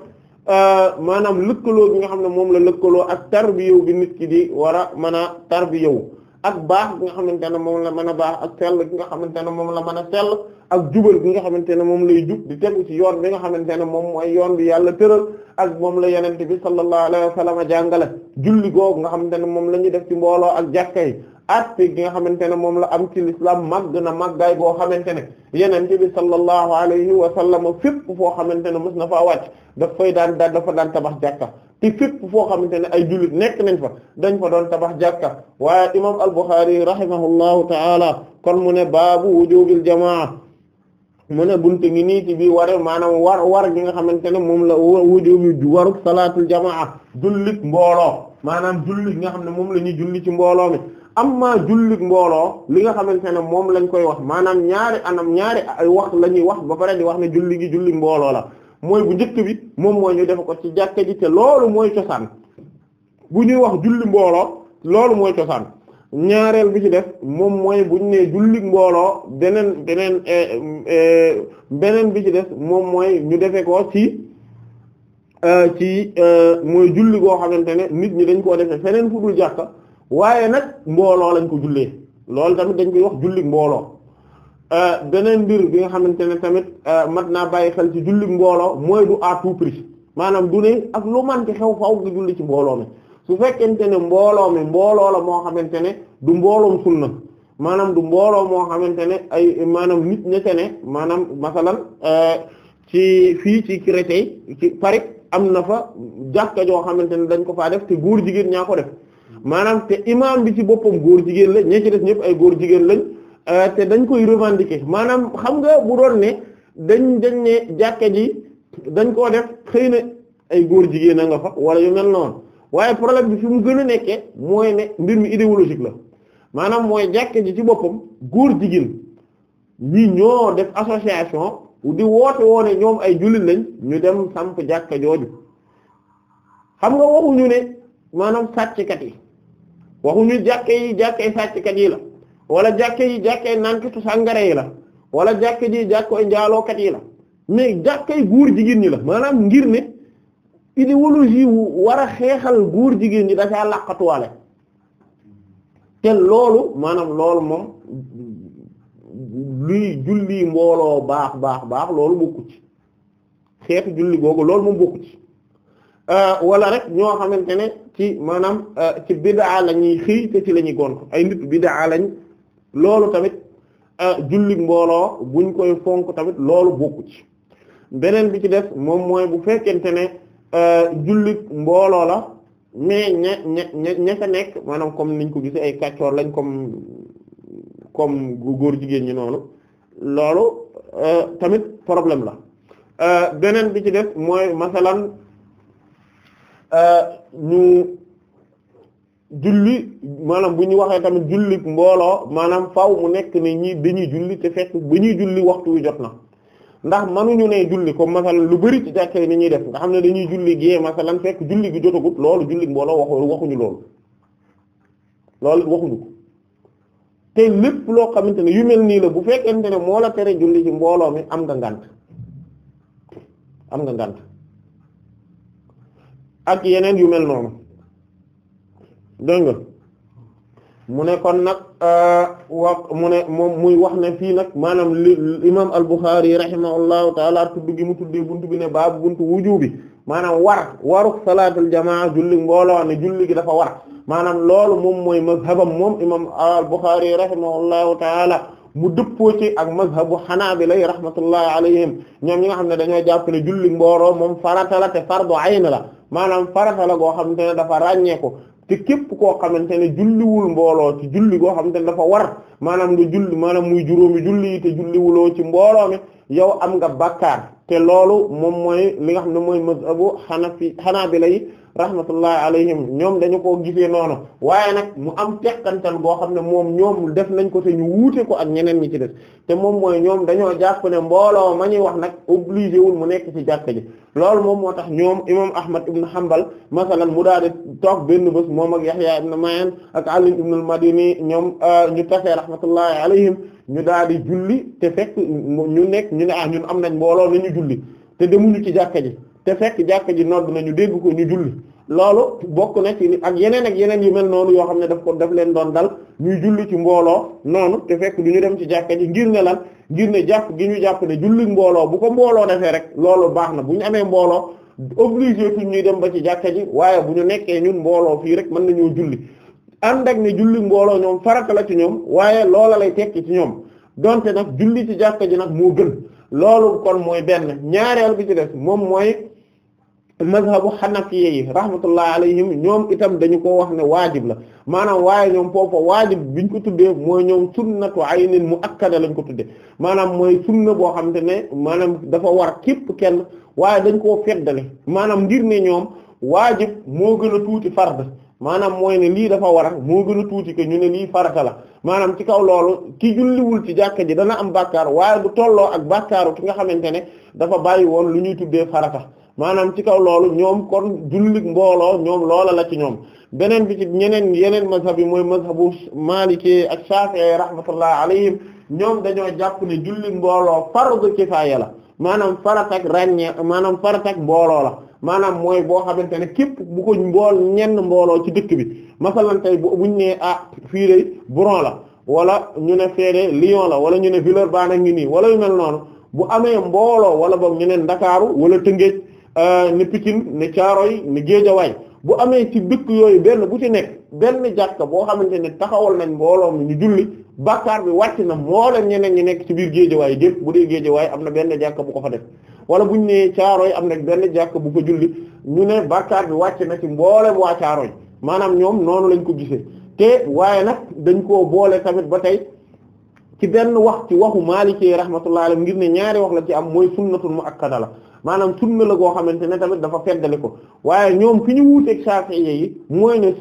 euh, maanaam lëkkaloo bi nga xam ne moom la lëkkaloo ak tarbiyaw bi nit ki di war a mën a tarbiyaw ak baax bi nga xamante ne moom la mën a baax ak sell bi nga xamante ne moom la mën a sell ak jubal bi nga xamante ne moom lay jub di tegu ci yoon bi nga xamante ne moom mooy yoon bi yàlla tëral ak moom la yenente bi sallallahu alayhi wa a jàngale julli googu nga xam ne moom la ñuy def ci mbooloo ak jàkka atte gi nga xamante ne moom la am ci l'islam màgg na màggaay boo xamante ne yeneen bi sallallahu alayhi wa sallam fépp foo xamante ne mës na faa da daf fay daan daan dafa daan tabax jàkka te fépp foo xamante ne ay jullit nekk nañ fa dañ fa doon tabax jàkka waaye imam al-Bukhari rahimahullahu ta'ala kon mu ne baabu wujubil jamaa mu ne buntu gi nii ci bii waree maanaam war war gi nga xamante ne moom la wujubi waruk salaatul jamaa jullit mbooloo maanaam jullit nga xam ne moom la ñuy julli ci mbooloo mi amma jullit mbooloo li nga xamante ne moom lañ koy wax maanaam ñaari anam ñaari ay wax la ñuy wax ba pare di wax ne julli ngi julli mbooloo la mooy bu njëkk bi moom mooy ñu def ko ci jàkka ji te loolu mooy cosaan bu ñuy wax julli mbooloo loolu mooy cosaan ñaareel bi ci def moom mooy bu ñu nee jullit mbooloo beneen beneen eh, eh, beneen bi ci def moom mooy ñu defee ko ci eh, ci mooy julli goo xamante ne nit ñi dañ ko defee feneen fu dul jàkka. waaye nag mbooloo lañ ko jullee loolu tamit dañ koy wax julli mbooloo euh, beneen mbir mi nga xamante ne tamit euh, mat naa bàyyi xel ci julli mbooloo mooy du à tout prix maanaam du ak lu man ci xew faaw nga julli ci mbooloo mi su fekkente ne mbooloo mi mbooloo la moo xamante ne du mbooloom sunna maanaam du mbooloo moo xamante ne ay maanaam nit ña ne maanaam masalan euh, ci fii ci Créteil ci Paris am na fa jàkka joo xamante ne dañ ko faa def te góor jigéen ñaa ko def maanaam te imam bi ci boppam góor jigéen lañ ñi ci des ñëpp ay góor jigéen lañ euh, te dañ koy revendiquer maanaam xam nga bu doon ne dañ dañ ne jàkka ji dañ koo def xëy na ay góor jigéen a nga fa wala yu mel noonu waaye problème bi fi mu gën a nekkee mooy ne mbir mi idéologique la maanaam mooy jàkka ji ci boppam góor jigéen ñi ñoo def association di woote woone ñoom ay jullit lañ ñu dem samp jàkka jooju xam nga waxuñu ne maanaam sàcckat yi waxuñu jàkke yi jàkkee sàcckat yi la wala jàkke yi jàkkee nankatu sàngara yi la wala jàkke ji jàkkee njaalookat yi la mais jàkkee góor jigéen ñi la maanaam ngir ne idéologie wu war a xeexal góor jigéen ñi dafaa làqatuwaale te loolu maanaam loolu moom luy julli mbooloo baax baax baax loolu bokku ci xeetu julli googu loolu moom bokku ci Euh, wala rek ñoo xamante ne ci maanaam euh, ci bid'a la ñuy xëy te ci lañuy ñuy gont ay nit bid'a lañ loolu tamit euh, jullit mbooloo buñ koy fonk tamit loolu bokku ci beneen bi ci def moom mooy bu fekkente ne jullit mbooloo la mais ña ña ña nekk maanaam comme niñ ko gisee ay kàccoor lañ comme comme góor jigéen ñi noonu loolu tamit problème la Euh, ñu julli maanaam bu ñu waxee tamit julli mbooloo maanaam faw mu nekk ne ñii dañuy julli te fekk ba ñuy julli waxtu wi jot na ndax ñu ne julli comme masalan lu bari ci jàkkee ni ñuy def nga xam ne dañuy julli gée masalan fekk julli gi jotagut loolu julli mbooloo waxuñu loolu loolu waxuñu te lépp loo xamante ne yu mel nii la bu fekkente ne moo la tere julli ci mbooloo mi am nga ngànt am nga ngànt ak yeneen yu mel noonu dégg nga mu ne kon nag euh, wax mu ne moom muy wax ne fii nag maanaam li imaam al-Bukhari rahimahullahu taala tudd gi mu tuddee buntu bi ne baabu buntu wujubi maanaam war waruk salaatul jamaa julli mbooloo ne julli gi dafa war maanaam loolu moom mooy mazhabam moom imaam al-Bukhari rahimahullahu taala mu dëppoo ci ak mazhabu xanaabila rahmatullahi alayhim ñoom ñi nga xam ne dañoo jàpp ne julli mbooloo moom farata la te fardu ayn la. maanaam farata la goo xamante ne dafa ràññeeku te képp koo xamante ne julliwul mbooloo ci julli goo xam ne dafa war maanaam nga julli maanaam muy juróomi julli te julliwuloo ci mbooloo mi yow am nga bakkaar te loolu moom mooy li nga xam ne mooy mazhabu xanafi xanaabila yi rahmatullahi alayhim ñoom dañu ko gisee noonu waaye nag mu am tekkantal boo xam ne moom ñoom def nañ ko te ñu wuute ko ak ñeneen ñi ci def te moom mooy ñoom dañoo jàpp mbooloo ma ñuy wax nag obligé wul mu nekk ci jàkka ji loolu moom moo tax ñoom imam ahmad ibn hanbal masalan mu daal di toog benn bés moom ak yahya ibn ma'in ak ali ibn al-madini ñoom euh, ñu tasee rahmatullahi alayhim ñu daal di julli te fekk ñu nekk ñu ne ah ñun am nañ mbooloo nañu julli te demuñu ci jàkka ji te fekk jàkka ji nodd na ñu dégg ko ñu julli loolu bokk na ci ak yeneen ak yeneen yu mel noonu yoo xam ne daf ko daf leen doon dal ñuy julli ci mbooloo noonu te fekk du ñu dem ci jàkka ji ngir ne lan ngir ne jàpp gi ñu jàpp ne julli mbooloo bu ko mbooloo defee rek loolu baax na bu ñu amee mbooloo obligé ñuy dem ba ci jàkka ji waaye bu ñu nekkee ñun mbooloo fii rek mën na nañoo julli and ak ne julli mbooloo ñoom farata la ci ñoom waaye loola lay tekki ci ñoom donte nag julli ci jàkka ji nag moo gën loolu kon mooy benn ñaareel bi ci def moom mooy mazhabu xanafiya yi rahmatullah alayhim ñoom itam dañu ko wax ne waajib la maanaam waaye ñoom foofa waajib biñ ko tuddee mooy ñoom sunnatu aynin muakkada lañ ko tuddee maanaam mooy sunna boo xam te ne maanaam dafa war képp kenn waaye dañ koo feddale maanaam ngir ne ñoom waajib moo gën a tuuti fard maanaam mooy ne lii dafa war a moo gën a tuuti que ñu ne lii farata la maanaam ci kaw loolu ki julliwul ci jàkka ji dana am bàkkaar waaye du tolloo ak bàkkaaru ki nga xamante ne dafa bàyyi woon lu ñuy tuddee farata maanaam ci kaw loolu ñoom kon jullit mbooloo ñoom loola la ci ñoom beneen bi ñeneen yeneen mazhab yi mooy mazhabu Maliki ak Shafi'i rahmatullah alayhim ñoom dañoo jàpp ne jullit mbooloo fardu kifaaya la maanaam faratak ràññee maanaam faratak mbooloo la maanaam mooy boo xamante ne képp bu ko mbool ñenn mbooloo ci dëkk bi masalan tey buñ nee ah fii de Bouron la wala ñu ne feede Lyon la wala ñu ne Villeurbanne ngi nii wala yu mel noonu bu amee mbooloo wala boog ñu Ndakaaru wala Tëngéej Euh, ne Pikine ne Thiaroye ne Guédiawaye bu amee ci dëkk yooyu benn bu ci nekk benn jàkka boo xamante ne taxawal nañ mbooloo mi ñu julli bàkkaar bi wàcc na mboolem ñeneen ñi nekk ci biir Guédiawaye gépp bu dee Guédiawaye am na benn jàkka bu ko fa def wala buñ ne Thiaroye am na benn jàkka bu ko julli ñu ne bàkkaar bi wàcc na ci mboolem waa Thiaroye maanaam ñoom noonu lañ ko gisee te waaye nag dañ koo boole tamit ba tey ci benn wax ci waxu Maliki rahmatullahi alayhi ngir ne ñaari wax la ci am mooy sunnatul muakkada la maanaam sunna la goo xamante ne tamit dafa feddali ko waaye ñoom fi ñu wuuteeg Shafi'i yi mooy ne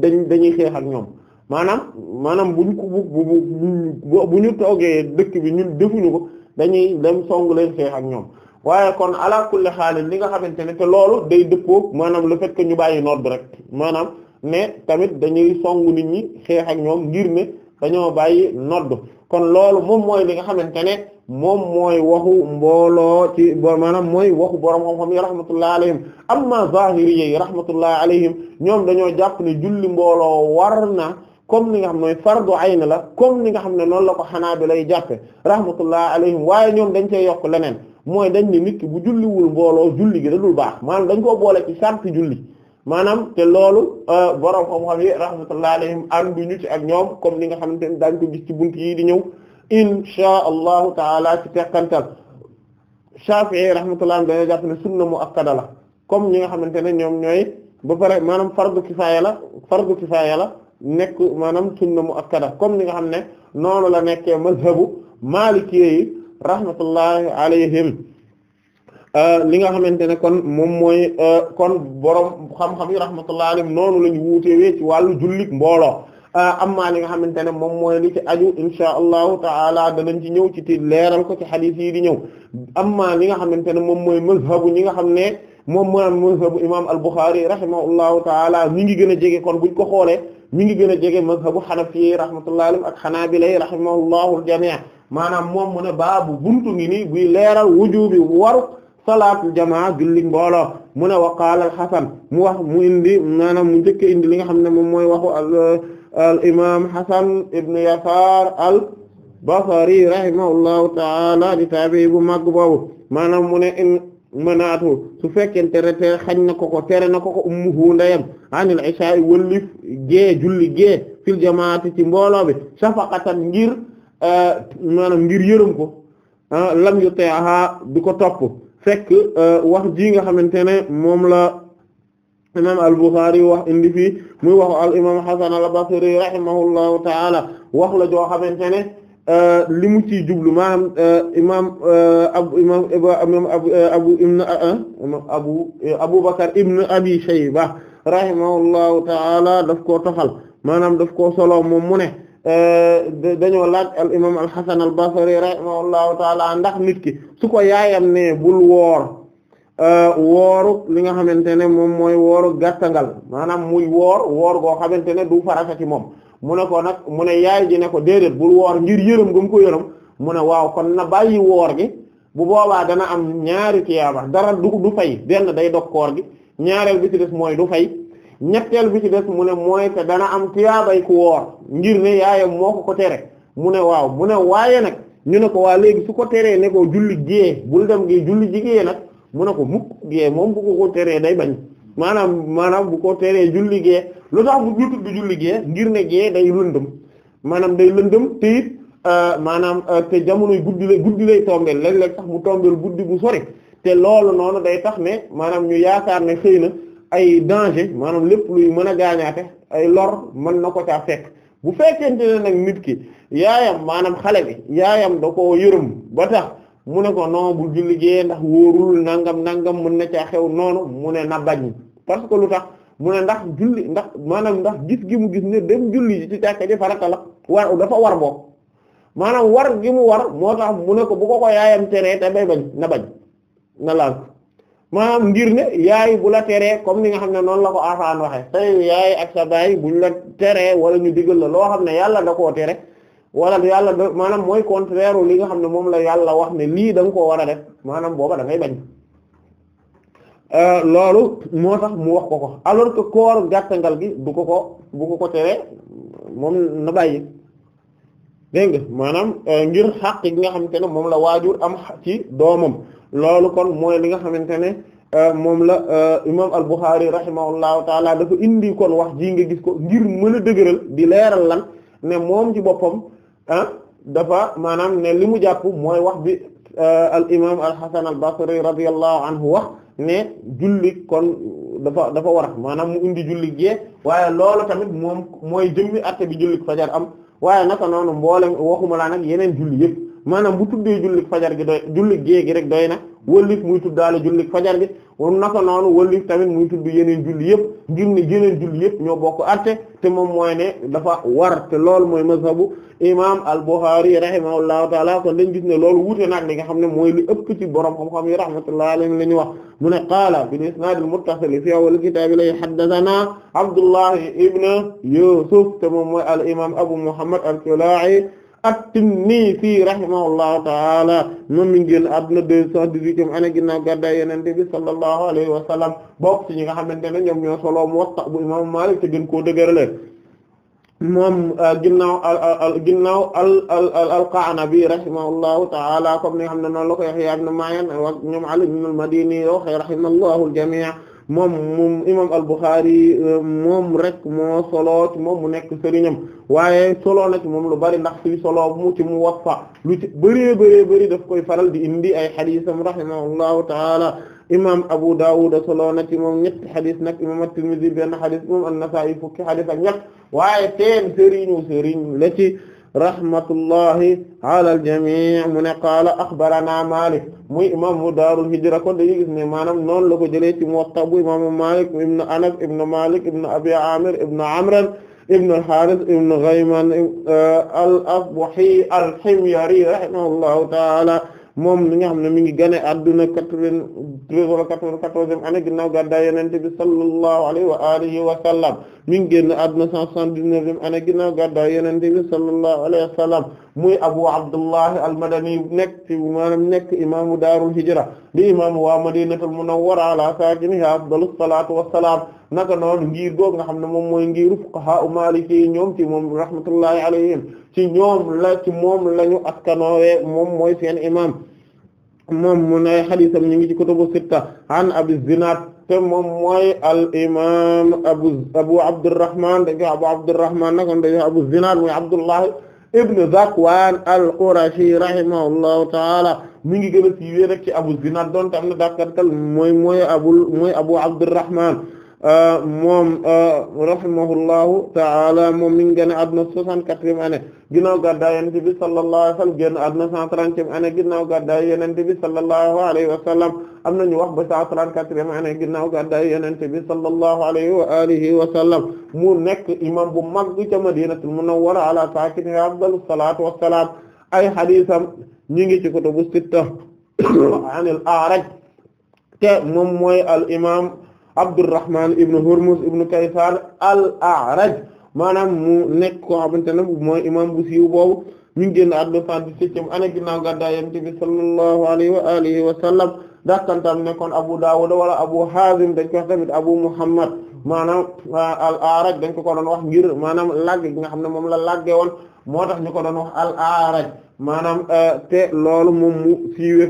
dañ dañuy xeex ñoom maanaam maanaam buñ ko bu bu ñu toogee dëkk bi ñun defuñu ko dañuy dem song leen xeex ak ñoom waaye kon ala kulli xaalis li nga xamante ne te loolu day dëppoo maanaam le fait ñu bàyyi nodd rek maanaam ne tamit dañuy song nit ñi xeex ak ñoom ngir ne dañoo bàyyi nodd kon loolu moom mooy li nga xamante ne moom mooy waxu mbooloo ci maanaam mooy waxu borom xam-xam yi rahmatullahi alayhim amma zahiri yi rahmatullahi alayhim ñoom dañoo jàpp ne julli mbooloo war na comme li nga xam ne fardu ayn la comme li nga xam ne noonu la ko xanaa bi lay jàppe rahmatullahi alayhim waaye ñoom dañ cee yokk leneen mooy dañ ne nit ki bu julliwul mbooloo julli gi da dul baax maanaam dañ koo boolee ci sarti julli maanaam te loolu euh, borom xam-xam yi rahmatullahi alayhim ànduñu ci ak ñoom comme li nga xamante ne daañu ko gis ci bunt yii di ñëw insha allahu taala ci tekkantal Shafi'i rahmatullahi dañoo jàpp ne sunna muakkada la comme ñi nga xamante ne ñoom ñooy ba pare maanaam fardu kifaaya la fardu kifaaya la nekk maanaam sunna muakkada comme ñi nga xam ne noonu la nekkee mazhabu maalikiyyi rahmatullahi alayhim Euh, li nga xamante ne kon moom mooy euh, kon borom xam-xam yi rahmatullahi alayhim noonu la ñu wuutewee ci wàllu jullik mbooloo euh, amma li nga xamante ne moom mooy li ci aju insha allahu taala danañ ci ñëw ci ti leeral ko ci xadiis yi di ñëw amma li nga xamante ne moom mooy mazhabu ñi nga xam ne moom mooy mazhabu imam al-Bukhari rahimahullahu taala mi ngi gën a jege kon buñ ko xoolee mi ngi gën a jege mazhabu xanafi rahmatullahi alayhim ak xanaabila rahimahullahu al-jamii maanaam moom mu ne baabu buntu ngi nii buy leeral wujubi waru salaatu jamaa julli mbooloo mu ne wa qaala hasan mu wax mu indi maanaam mu njëkk indi li nga xam ne moom mooy waxu al imaam Hasan ibn Yasaar al Basri rahimahullahu taala di taabi bu màgg boobu maanaam mu ne in mënaatu su fekkente ne te xañ na ko ko tere na ko ko ummuhu ndeyam anil ishaa wëllif julli gée fil jamaati ci mbooloo bi safaqatan ngir eh, maanaam ngir yërëm ko ah, lam yu teeha du ko topp. fekk euh, wax jii nga xamante ne moom la imam al-Bukhari wax indi muy wax al imam Hasan al-Basri rahimahullahu taala wax la joo xamante ne euh, li mu ciy jublu maanaam euh, imam abu imam ibn abu Abubakar ibn rahimahullahu taala daf koo toxal maanaam daf koo solo moom mu ne Eh, dañoo laaj al imam al hasan al basri rahimahullahu taala ndax nit ki su ko yaayam ne bul woor eh, wooru li nga xamante ne moom mooy wooru gàttangal maanaam muy woor woor goo xamante ne du farata ci moom mu ne ko nag mu ne yaay ji ne ko déedéet bul woor ngir yërëm gum ko yërëm mu ne waaw kon na yi woor gi bu boobaa dana am ñaari tiyaaba dara du du fay benn day dog koor gi ñaareel bi mooy du fay ñetteel bi ci des mu ne mooy que dana am tiyaabay ku woor ngir ne yaayam moo ko ko tere mu ne waaw mu ne waaye nag ñu ne ko waa léegi su ko teree ne ko julli gée bul dem gi julli jigéen nag mu ne ko mukk gée moom bu ko ko teree day bañ maanaam maanaam bu ko teree julli gée lu tax bu du julli gée ngir ne gée day lëndëm maanaam day lëndëm te it euh, maanaam euh, te jamonoy guddi lay guddi lay tombeel léeg-léeg sax mu tombeel guddi bu sori te loolu noonu day tax ne maanaam ñu yaakaar ne xëy na ay danger maanaam lépp luy mën a gaañaate ay lor mën na ko caa fekk bu fekkente ne nag nit ki yaayam maanaam xale bi yaayam da ko yërëm ba tax mu ne ko non bu julli gee ndax wóorul nangam nangam mën na caa xew noonu mu ne na bañ parce que lu tax mu ne ndax julli ndax maanaam ndax gis gi mu gis ne dem julli ci jàkka ji farata la war dafa war bokk maanaam war gi mu war moo tax mu ne ko bu ko yaayam teree te bay bañ na bañ na laal maanaam ngir ne yaay bu la teree comme ni nga xam ne noonu la ko afaan waxee tey yaay ak sa baay buñ la teree wala ñu digal la loo xam ne yàlla da koo tere wala yàlla da maanaam mooy contraire li nga xam ne moom la yàlla wax ne lii da nga def maanaam booba da ngay bañ euh, loolu moo tax mu wax ko ko alors que koor gàttangal gi du ko ko bu ko ko teree moom na bàyyi dégg nga maanaam euh, ngir xàq gi nga xam te ne moom la waajur am ci doomam loolu kon mooy li nga xamante ne euh, moom la euh, imam al-Bukhari rahimahullahu taala dafa indi kon wax jii nga gis ko ngir mën a dëgëral di leeral lan ne moom ci boppam ah dafa maanaam ne li mu jàpp mooy wax bi euh, al imam al-Hasan al-Basri radiyallahu anhu wax ne julli kon dafa dafa war a maanaam mu indi julli gee waaye loolu tamit moom mooy jëmmi atte bi julli fajar am waaye naka noonu mboolem waxuma laa nag yeneen julli yëpp maanaam bu tuddee jullik fajar gi doy jullik gée gi rek doy na wëllif muy tuddaale jullik fajar gi wam naka noonu wëllif tamit muy tudd yeneen julli yëpp ngir ne yeneen julli yëpp ñoo bokk atte te moom mooy ne dafa war te loolu mooy mazhabu imam al-Bukhari rahimahullahu taala kon dañ gis ne loolu wuute nag li nga xam ne mooy li ëpp ci borom xam-xam yi rahmatullahi alayhim la ñu wax mu ne qaala bil isnaad al-muttasil fi awwal kitaab lay haddathana Abdullah ibn Yusuf te moom mooy al imam Abu Muhammad al-Kalaa'i at ni si rahimahullahu taala moom mi ngi génn àdduna deux cent dix-huitième année ginnaaw gàddaay Yonent bi sallallahu alayhi wa sallam bokk ci ñi nga xamante ne ñoom ñoo solo Muwatta bu imaamu Maalik te gën koo dëgërale moom euh, ginnaaw al ginnaaw al al-Qa'nabi rahimahullahu taala comme ni xam ne noonu la ko Yahya ibn Ma'in ñoom Ali ibn al-Madini yoo xëy rahimahullahu al-jami' moom moom imam al-Bukhari euh, moom rek moo solo ci moom mu nekk sëriñam waaye solo na ci moom lu bari ndax fi solo mu ci Muwatta lu ci bëree bëree bëri daf koy faral di indi ay xadiisam rahimahullahu taala imam Abu Dawud solo na ci moom ñetti xadis nag imam at-Tirmidhi benn xadis moom an-Nasa'i fukki xadis ak ñett waaye teen sëriñu sëriñ la ci rahmatullahi ala al-jamii mu ne qaala axbarana Maalik muy imam mu daarul hijra kon dañuy gis ne maanaam noonu la ko jëlee ci Muwatta bu imaamu Maalik ibn Anas ibn Maalik ibn Abi Aamir ibn Amran ibn al-Haaris ibn Ghayman euh, al-Asbahi al-Himyari rahimahullahu ta'ala moom mi nga xam ne mi ngi gane adduna quatre-vingt-treize wala quatre-vingt-quatorzième année ginnaaw gàddaay yonent bi sallallahu alayhi wa alihi wa sallam mi génn adduna cent soixante-dix-neuvième année ginnaaw gàddaay yonent bi sallallahu alayhi wa sallam muy abu abdullahi almadani nekk ci nekk imaamu daarul hijra di imaamu waa madinatul munawwara ala saakinihaa afdalu salaatu wassalaam naka noonu ngir goog nga xam ne moom mooy ngir fuqahaa u maaliki ñoom ci moom rahmatullahi alayhim ci ñoom la ci moom lañu askanowe moom mooy seen imam moom mu ne xadisam ñu ngi ci kutubu sitta an abi zinad te moom mooy al imam abu abu abdurrahman dañ koy abu abdurrahman nag dañ koy abu zinad mooy abdullahi ibn zakwan al qurashi rahimahullahu taala mi ngi gën a siiwee rek ci abu zinad doon te am na dakkatal mooy mooy abu mooy abu abdurrahman moom euh, rahimahullahu ta'ala moom mi ngi génn àdduna soixante-quatrième année ginnaaw gàddaay Yonent bi sallallahu alayhi wa sallam génn àdduna cent trentième année ginnaaw bi sallallahu alayhi wa sallam am nañu wax ba cent trente-quatrième année ginnaaw gàddaay Yonent bi sallallahu alayhi wa alihi wa sallam mu nekk imam bu mag ca Madinatul Munawwara ala saakinihaa afdalu salaatu wa salaam ay hadiisam ñi ngi ci kutubu sitta (coughs) an al-A'raj te moom mooy al imam Abdurrahman ibn Hurmuz ibn Kaysan al-A'raj maanaam mu nekk koo xamante ne mooy imam bu siiw boobu mi ngi génn àdduna cent dix-septième année ginnaaw gàddaay Yonent bi sallallahu alayhi wa alihi wa sallam dàkkantam nekkoon Abu Dawud wala Abu Hazim dañ ko wax tamit Abu Muhammad maanaam ah, al-A'raj dañ ko ko doon wax ngir maanaam làgg gi nga xam ne moom la làgge woon moo tax nekkoon ko doon wax al-A'raj maanaam eh, te loolu moom mu siiwe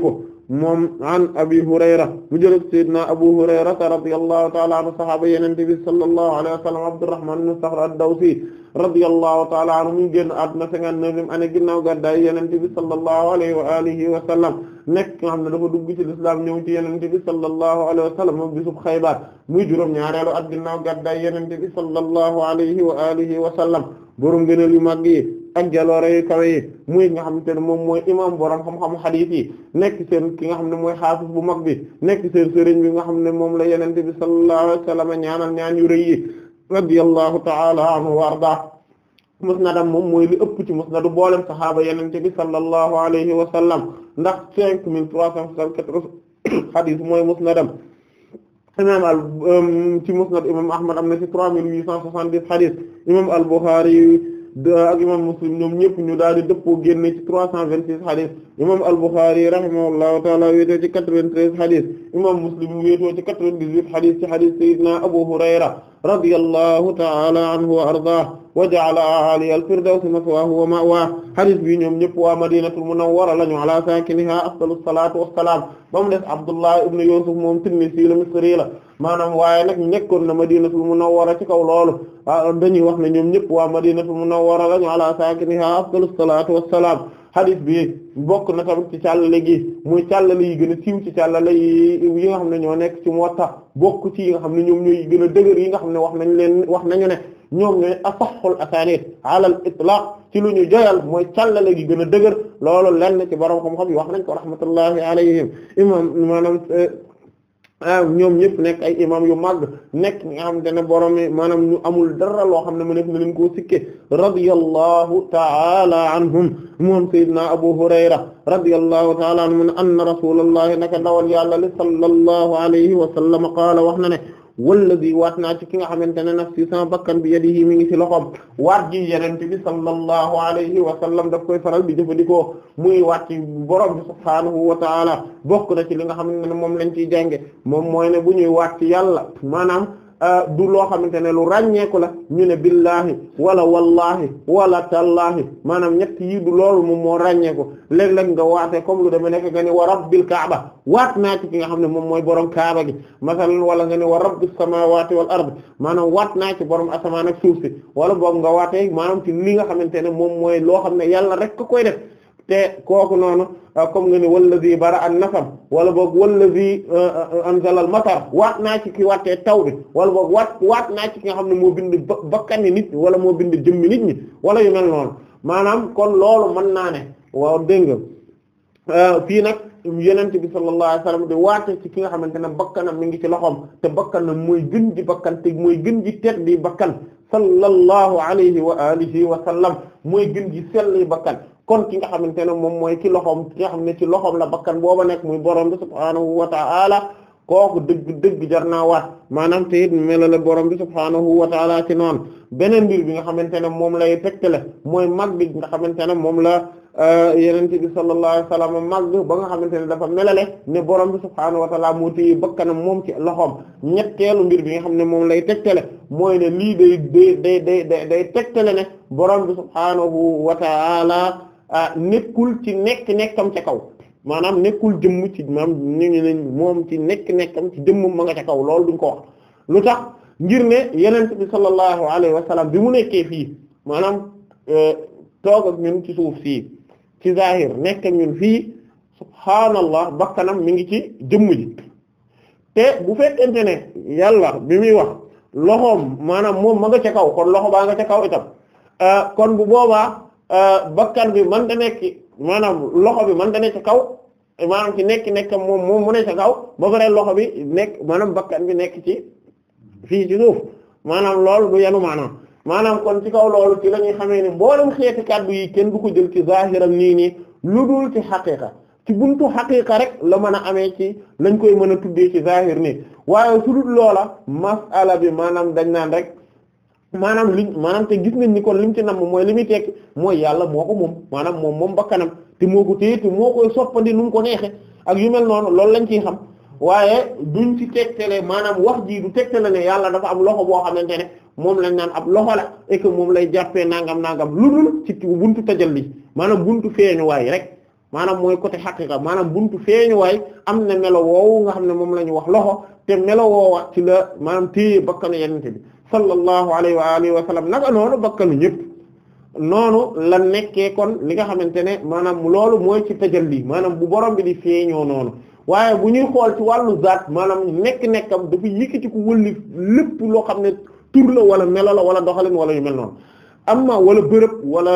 moom an abi hurayra mu jël sayyidina abu hurayra radiyallahu ta'ala anhu sahaaba yonent bi sallallahu alayhi wa sallam abdurrahman ibn saxr ad-dawsi radiyallahu ta'ala anhu mu génn àdduna cinquante-neuvième année ginnaaw gàddaay yonent bi sallallahu alayhi wa alihi wa sallam nekk nga xam ne dafa dugg ci lislaam ñëw ci yonent bi sallallahu alayhi wa sallam moom bisub Xaybar muy juróom ñaareelu at ginnaaw gàddaay yonent bi sallallahu alayhi wa alihi wa sallam borom gënal yu mag yi ak jaloore yu kawe yi muy nga xamante ne moom mooy imam borom xam-xam xadiis yi nekk seen ki nga xam ne mooy xaafis bu mag bi nekk seen sëriñ bi nga xam ne moom la yenente bi sallallahu alayhi wa sallam ñaanal ñaan yu rëy yi radiyallahu ta'ala anhu wa arda musnadam moom mooy li ëpp ci musnadu boolem saxaaba yenente bi sallallahu alayhi wa sallam ndax cinq mille trois cent soixante-quatorze (coughs) xadiis mooy musnadam imam al um, ci musnad imam ahmad am na ci trois mille huit cent soixante-dix xadiis al Bukhari ak imam Muslim ñoom ñëpp ñu daal di dëppoo génne ci trois cent vingt-six hadith imam al-Bukhari rahimahullahu taala wéetoo ci quatre-vingt-treize hadith imam Muslim wéetoo ci quatre-vingt-dix-huit hadith ci hadith Sayyidina Abu Hurayra radiyallahu ta'ala anhu wa ardaah wa ja'ala a'aaliya al-firdawsi maswaahu wa ma'waah hadis bi ñoom ñëpp waa madinatul munawwara lañu ala saakinihaa afdalu salaatu wa salaam ba mu des Abdullah ibn Yusuf moom Tinnisi la Misri la maanaam waaye nag nekkoon na madinatul munawwara ci kaw loolu dañuy wax ne ñoom ñëpp waa madinatul munawwara lañu ala saakinihaa afdalu salaatu wa salaam hadith bi bokk na tamit ci càllale gi muy càllale yi gën a siiw ci càllale yi yi nga xam ne ñoo nekk ci Muwatta bokk ci yi nga xam ne ñoom ñooy gën a dëgër yi nga xam ne wax nañ leen wax nañu ne ñoom ñooy asahhul asanid ala al itlaq ci lu ñu joyal mooy càllale gi gën a dëgër loolu lenn ci borom xam-xam yi wax nañ ko rahmatullahi alayhim imam maanaam Ah, ñoom ñëpp nekk ay imam yu màgg nekk nga xam te ne borom mi maanaam ñu amul dara loo xam ne mu nekk na leen koo sikke radiyallahu ta'ala anhum moom sayyidina abu hurayra radiyallahu ta'ala anhu anna rasulullahi naka ndawal yàlla li sallallahu alayhi wa sallam qaala wax na ne wallazi waat naa ci ki nga xamante ne nafsi sama bakkan bi yadihi mi ngi ci loxoom waat ji yenente bi sallallahu alayhi wa sallam daf koy faral bi jëfandikoo muy waat ci borom bi subhaanahu wa ta'ala bokk na ci li nga xam ne moom lañ ciy jànge moom mooy bu ñuy waat ci yàlla maanaam Euh, du loo xamante ne lu ràññeeku la ñu ne billaahi wala wallaahi wala tallaahi maanaam ñett yii du loolu moom moo ràññeeku léeg-léeg nga waate comme lu deme nekk nga ni wa rabbil kaaba waat naa ci ki nga xam ne moom mooy borom kaaba gi masalan wala nga ni wa rabbis samawati wal ard maanaam waat naa ci borom asamaan ak wala boobu nga waatee maanaam ci li nga xamante ne moom mooy loo xam ne yàlla rek ko koy def te kooku noonu ah, comme nga ne wallazi bara an nasam wala boog wallazi ah, ah, anzala al matar waat naa ci ki wattee taw bi wala boog waat waat naa ci ki nga xam ne moo bind bakkani nit ñi wala moo bind jëmmi nit ñi wala yu mel noonu maanaam kon loolu mën naa ne waaw dégg nga fii nag yenente bi sallallahu alayhi wasallam di waate ci ki nga xamante ne bakkanam mi ngi ci loxoom te bakkanam mooy gën ji bakkan te mooy gën ji tedd di bakkan sallallahu alayhi wa alihi wa sallam mooy gën ji selli bakkan kon ki nga xamante ne moom mooy ki loxoom ki nga xam ne ci loxoom la bakkan booba nekk muy borom bi subhaanahu wa ta'ala kooku dëgg dëgg jar naa waat maanaam te it melale borom bi subhaanahu wa ta'ala ci noonu beneen mbir bi nga xamante ne moom lay tegtale mooy mag bi nga xamante ne moom la euh, yeneen bi sallallahu alayhi wa sallam mag ba nga xamante ne dafa melale ne borom bi subhaanahu wa ta'ala moo téye bakkanam moom ci loxoom ñetteelu mbir bi nga xam ne moom lay tegtale mooy ne lii day day day day day tegtale ne borom bi subhaanahu wa Ah, nekkul ci nekk nekkam ca kaw maanaam nekkul jëmmu ci maam ñu ngi moom ci nekk nekkam ci jëmm ma nga ca kaw lool duñ ko wax lu tax ngir ne yenent bi sallallahu alayhi wa bi mu nekkee fii maanaam eh, toog ak ñun ci suuf sii ci zahir nekk ak ñun fii subhaanallah bakkanam mi ngi ci jëmm te bu fekkente ne yàlla bi muy wax loxoom maanaam moom ma nga ca kaw kon loxo baa nga ca kaw itam eh, kon bu boobaa Euh, bakkan bi man da nekk maanaam loxo bi man da nekk ci kaw maanaam ci nekk nekk moom moom mu ne ci kaw ba pare loxo bi nekk maanaam bakkan bi nekk ci fii ci suuf maanaam loolu du yanu maanaam maanaam kon ci kaw loolu ci la ñuy xamee ne mboolem xeeti kàddu yi kenn du ko jël ci zahiram nii nii lu dul ci xaqiqa ci buntu xaqiqa rek la mën a amee ci lañ koy mën a tuddee ci zahir nii waaye su dul loola masala bi maanaam dañ naan rek maanaam li maanaam te gis nañ ni kon lim ci nam mooy li muy tekki mooy yàlla moo ko moom maanaam moom moom bakkanam te moo ko téye te moo koy soppandi nu ko neexe ak yu mel noonu loolu lañ ciy xam waaye duñ ci tegtale maanaam wax jii du tegtale ne yàlla dafa am loxo boo xamante ne moom lañ naan ab loxo la et moom lay jàppee nangam nangam lu dul ci buntu li maanaam buntu feeñuwaay rek maanaam mooy côté xaqiqa maanaam buntu feeñuwaay am na melo woowu nga xam ne moom la ñu wax loxo te melo woowa ci la maanaam téye bakkanu yenente bi sallallahu alayhi wa alihi wa sallam naka noonu bakkanu ñëpp noonu la nekkee kon li nga xamante ne maanaam loolu mooy ci tajalli maanaam bu borom bi di feeñoo noonu waaye bu ñuy xool ci wàllu zaat maanaam nekk-nekkam dafa yëkkati ku wëlli lépp loo xam ne tur la wala melo la wala doxalin wala yu mel noonu amma wala bërëb wala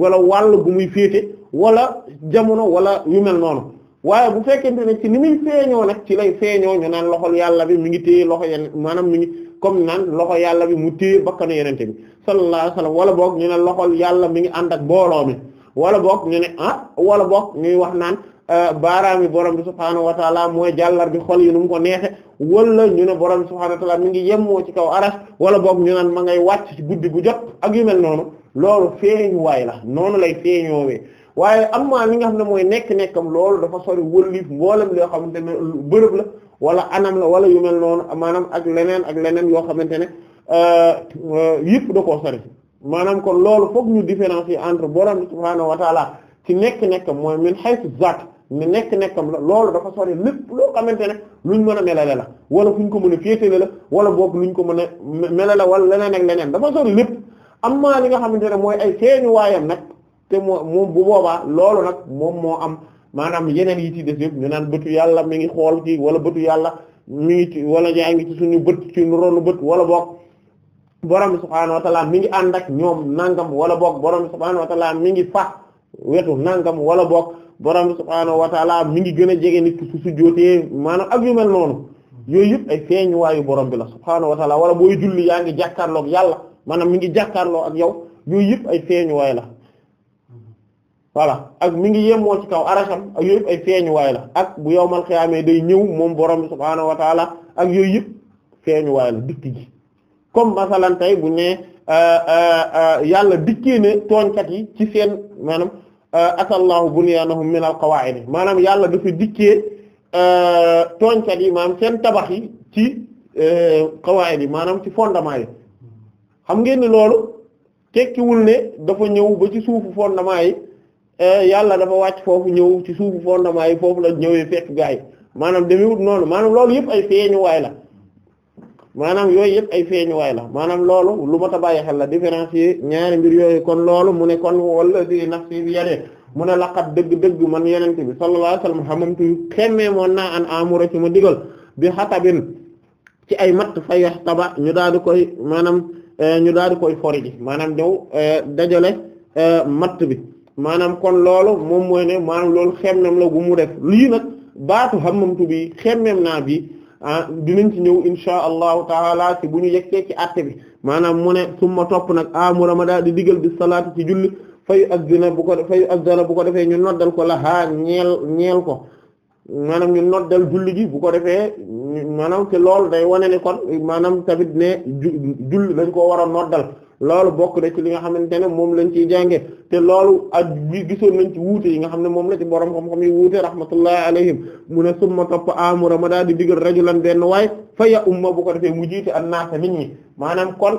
wala wàll gu muy féete wala jamono wala yu mel noonu waaye bu fekkente ne ci ni muy feeñoo nag ci lay feeñoo ñu naan loxol yàlla bi mu ngi tee loxo yenn maanaam mi comme naan loxo yàlla bi mu téye bakkanu yenente bi sallallahu alayhi wasallam wala boog ñu ne loxol yàlla mi ngi ànd ak mbooloo mi wala boog ñu ne ah wala boog ñuy wax naan euh, baaraam yi borom bi subhaanahu wa taala mooy jàllar bi xol yi nu mu ko neexe wala ñu ne borom bi subhaanahu wa taala mi ngi yemmoo ci kaw aras wala boog ñu naan ma ngay wàcc ci guddi bu jot ak yu mel noonu loolu feeñu waay la noonu lay feeñoowee waaye amma li nga xam ne mooy nekk-nekkam loolu dafa sori wëlliif mboolem yoo xamante ne bërëb la wala anam la wala yu mel noonu maanaam ak leneen ak leneen yoo xamante ne euh, yëpp da koo sori maanaam kon loolu foog ñu différencier entre borom subhaanahu wa taala ci nekk-nekkam mooy min haythu zaat ne nekk-nekkam la loolu dafa sori lépp loo xamante ne luñ mën a melale la wala fuñ ko mën a féetale la wala boog luñ ko mën a melale wala leneen ak leneen dafa sori lépp amma li nga xamante ne mooy ay feeñu waayam nag te moo moom bu boobaa loolu nag moom moo am maanaam yeneen yi ci des yëpp ñu naan bëtu yàlla mi ngi xool ci wala bëtu yàlla mi ngi ci wala yaa ngi ci suñu bët ci ronu bët wala boog borom bi subhaanahu mi ngi ànd ak ñoom nangam wala boog borom bi subhaanahu wa mi ngi fa wetu nangam wala boog borom bi subhaanahu mi ngi gën a jege nit su sujjóotee maanaam ak yu mel noonu yooyu yëpp ay feeñ waayu borom bi la subhaanahu wa ta'ala wala booy julli yaa ngi jàkkaarloog yàlla maanaam mi ngi jàkkaarloo ak yow yooyu yëpp ay feeñu la voilà ak mu ngi yemoo ci kaw arasam ak yooyu ay feeñuwaay la ak bu yowmal xiyaamee day ñëw moom borom bi subhaanahu wa ak yooyu yëpp feeñuwaay la dikk gi comme masalan tey bu ne euh, euh, euh, yàlla dikkee ne tooñkat yi ci seen maanaam asallahu bunyanahum min al qawaa'id maanaam yàlla dafa dikkee tooñkat yi maanaam seen tabax yi ci qawaa'id yi maanaam ci fondement yi xam ngeen loolu tekkiwul ne dafa ñëw ba ci suufu fondement yi Eh, yàlla dafa wàcc foofu ñëw ci suufu fondement yi foofu la ñëwee fekk gaa yi maanaam demewut noonu maanaam loolu yëpp ay feeñuwaay la maanaam yooyu yëpp ay feeñuwaay la maanaam loolu lu ma ta bàyyi xel la différencier ñaari mbir yooyu kon loolu mu ne kon wala di nafsi bi yadee mu ne laqat dëgg-dëgg man yenente bi sallallahu alayhi wasallam xamamtu xemmee moon naa an amura ci ma digal bi xatabin ci ay matt fa yax taba ñu daal di koy maanaam eh, ñu daal di koy fori ji maanaam daw eh, dajale matt bi maanaam kon loolu moom mooy ne maanaam loolu xemmem la bu mu def lii nag baatu hammamtu bi xemmem naa bi ah dinañ ci ñëw insha allahu taala bu ñu yeggee ci àtte bi maanaam mu ne summa topp nag ah, amura ma daal di digal bi salaati ci julli fayu addina bu ko fayu addina bu ko defee ñu noddal ko la haa ñeel ñeel ko maanaam ñu noddal julli gi bu ko defee maanaam te loolu day wane ne kon maanaam tamit ne julli lañ ko war a noddal loolu bokk na ci li nga xam ne moom lañ ciy jànge te loolu a bi gisoon nañ ci yi nga xam ne moom la ci borom xam-xam yi wuute rahmatullahi alayhim mu ne summa topp amura ma daal di digal rajulan benn waaye fa ya umma bu ko defee mu jiite an naasa nit ñi maanaam kon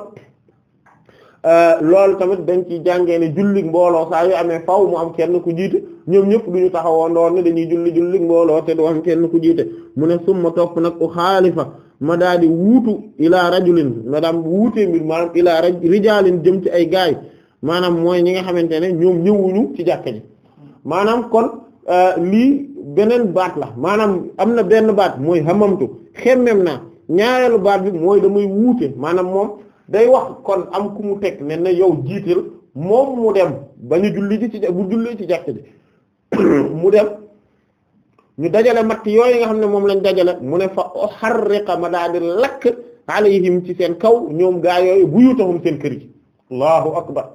Euh, loolu tamit dañ ci jàngee ne julli mbooloo saa yu amee faw mu am kenn ku jiite ñoom ñëpp duñu taxawoo ndoon ne dañuy julli julli mbooloo te du kenn ku jiite mu ne summa topp nag u xaalifa ma daa di wuutu ilaa rajulin ma daam wuutee mbir maanaam ilaa jëm ci ay gaay maanaam mooy ñi nga xamante ne ñoom ñëwuñu ci jàkka ji maanaam kon euh, lii beneen baat la maanaam am na benn baat mooy xamamtu xemmem naa ñaareelu baat bi mooy damay wuute maanaam moom day wax kon am ku mu teg ne na yow jiital moom mu dem ba ñu julli ji ci bu julli ci jàkk ji (coughs) mu dem ñu dajale matt yooyu nga xam ne moom lañ dajale mu ne fa xarriqa ma daal di lakk alayhim ci seen kaw ñoom gaa yooyu seen kër yi allahu akbar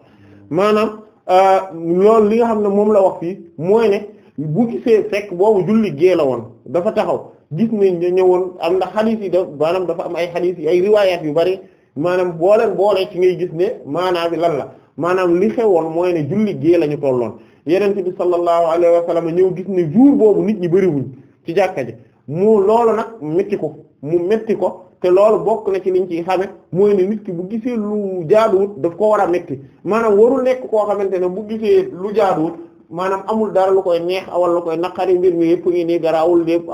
maanaam euh, loolu li nga xam ne moom la wax fii mooy ne bu gisee fekk boobu julli gée la woon dafa taxaw gis nañ ñëwoon am na xadiis yi da maanaam dafa am ay xadiis yi ay riwaayaat yu bari maanaam boo leen boolee ci ngay gis ne maanaam bi lan la maanaam li xewoon mooy ne julli gee la ñu tolloon yeneen bi sallallahu alayhi wa sallam ñëw gis ne jour boobu nit ñi bëriwuñ ci jàkka ji mu loolu nag métti ko mu métti ko te loolu bokk na ci liñ ciy xame mooy ne nit ki bu gisee lu jaaduwut daf ko war a métti maanaam warul nekk koo xamante ne bu gisee lu jaaduwut maanaam amul dara lu koy neex awal lu koy naqari mbir mi yëpp ngi nii garaawul lépp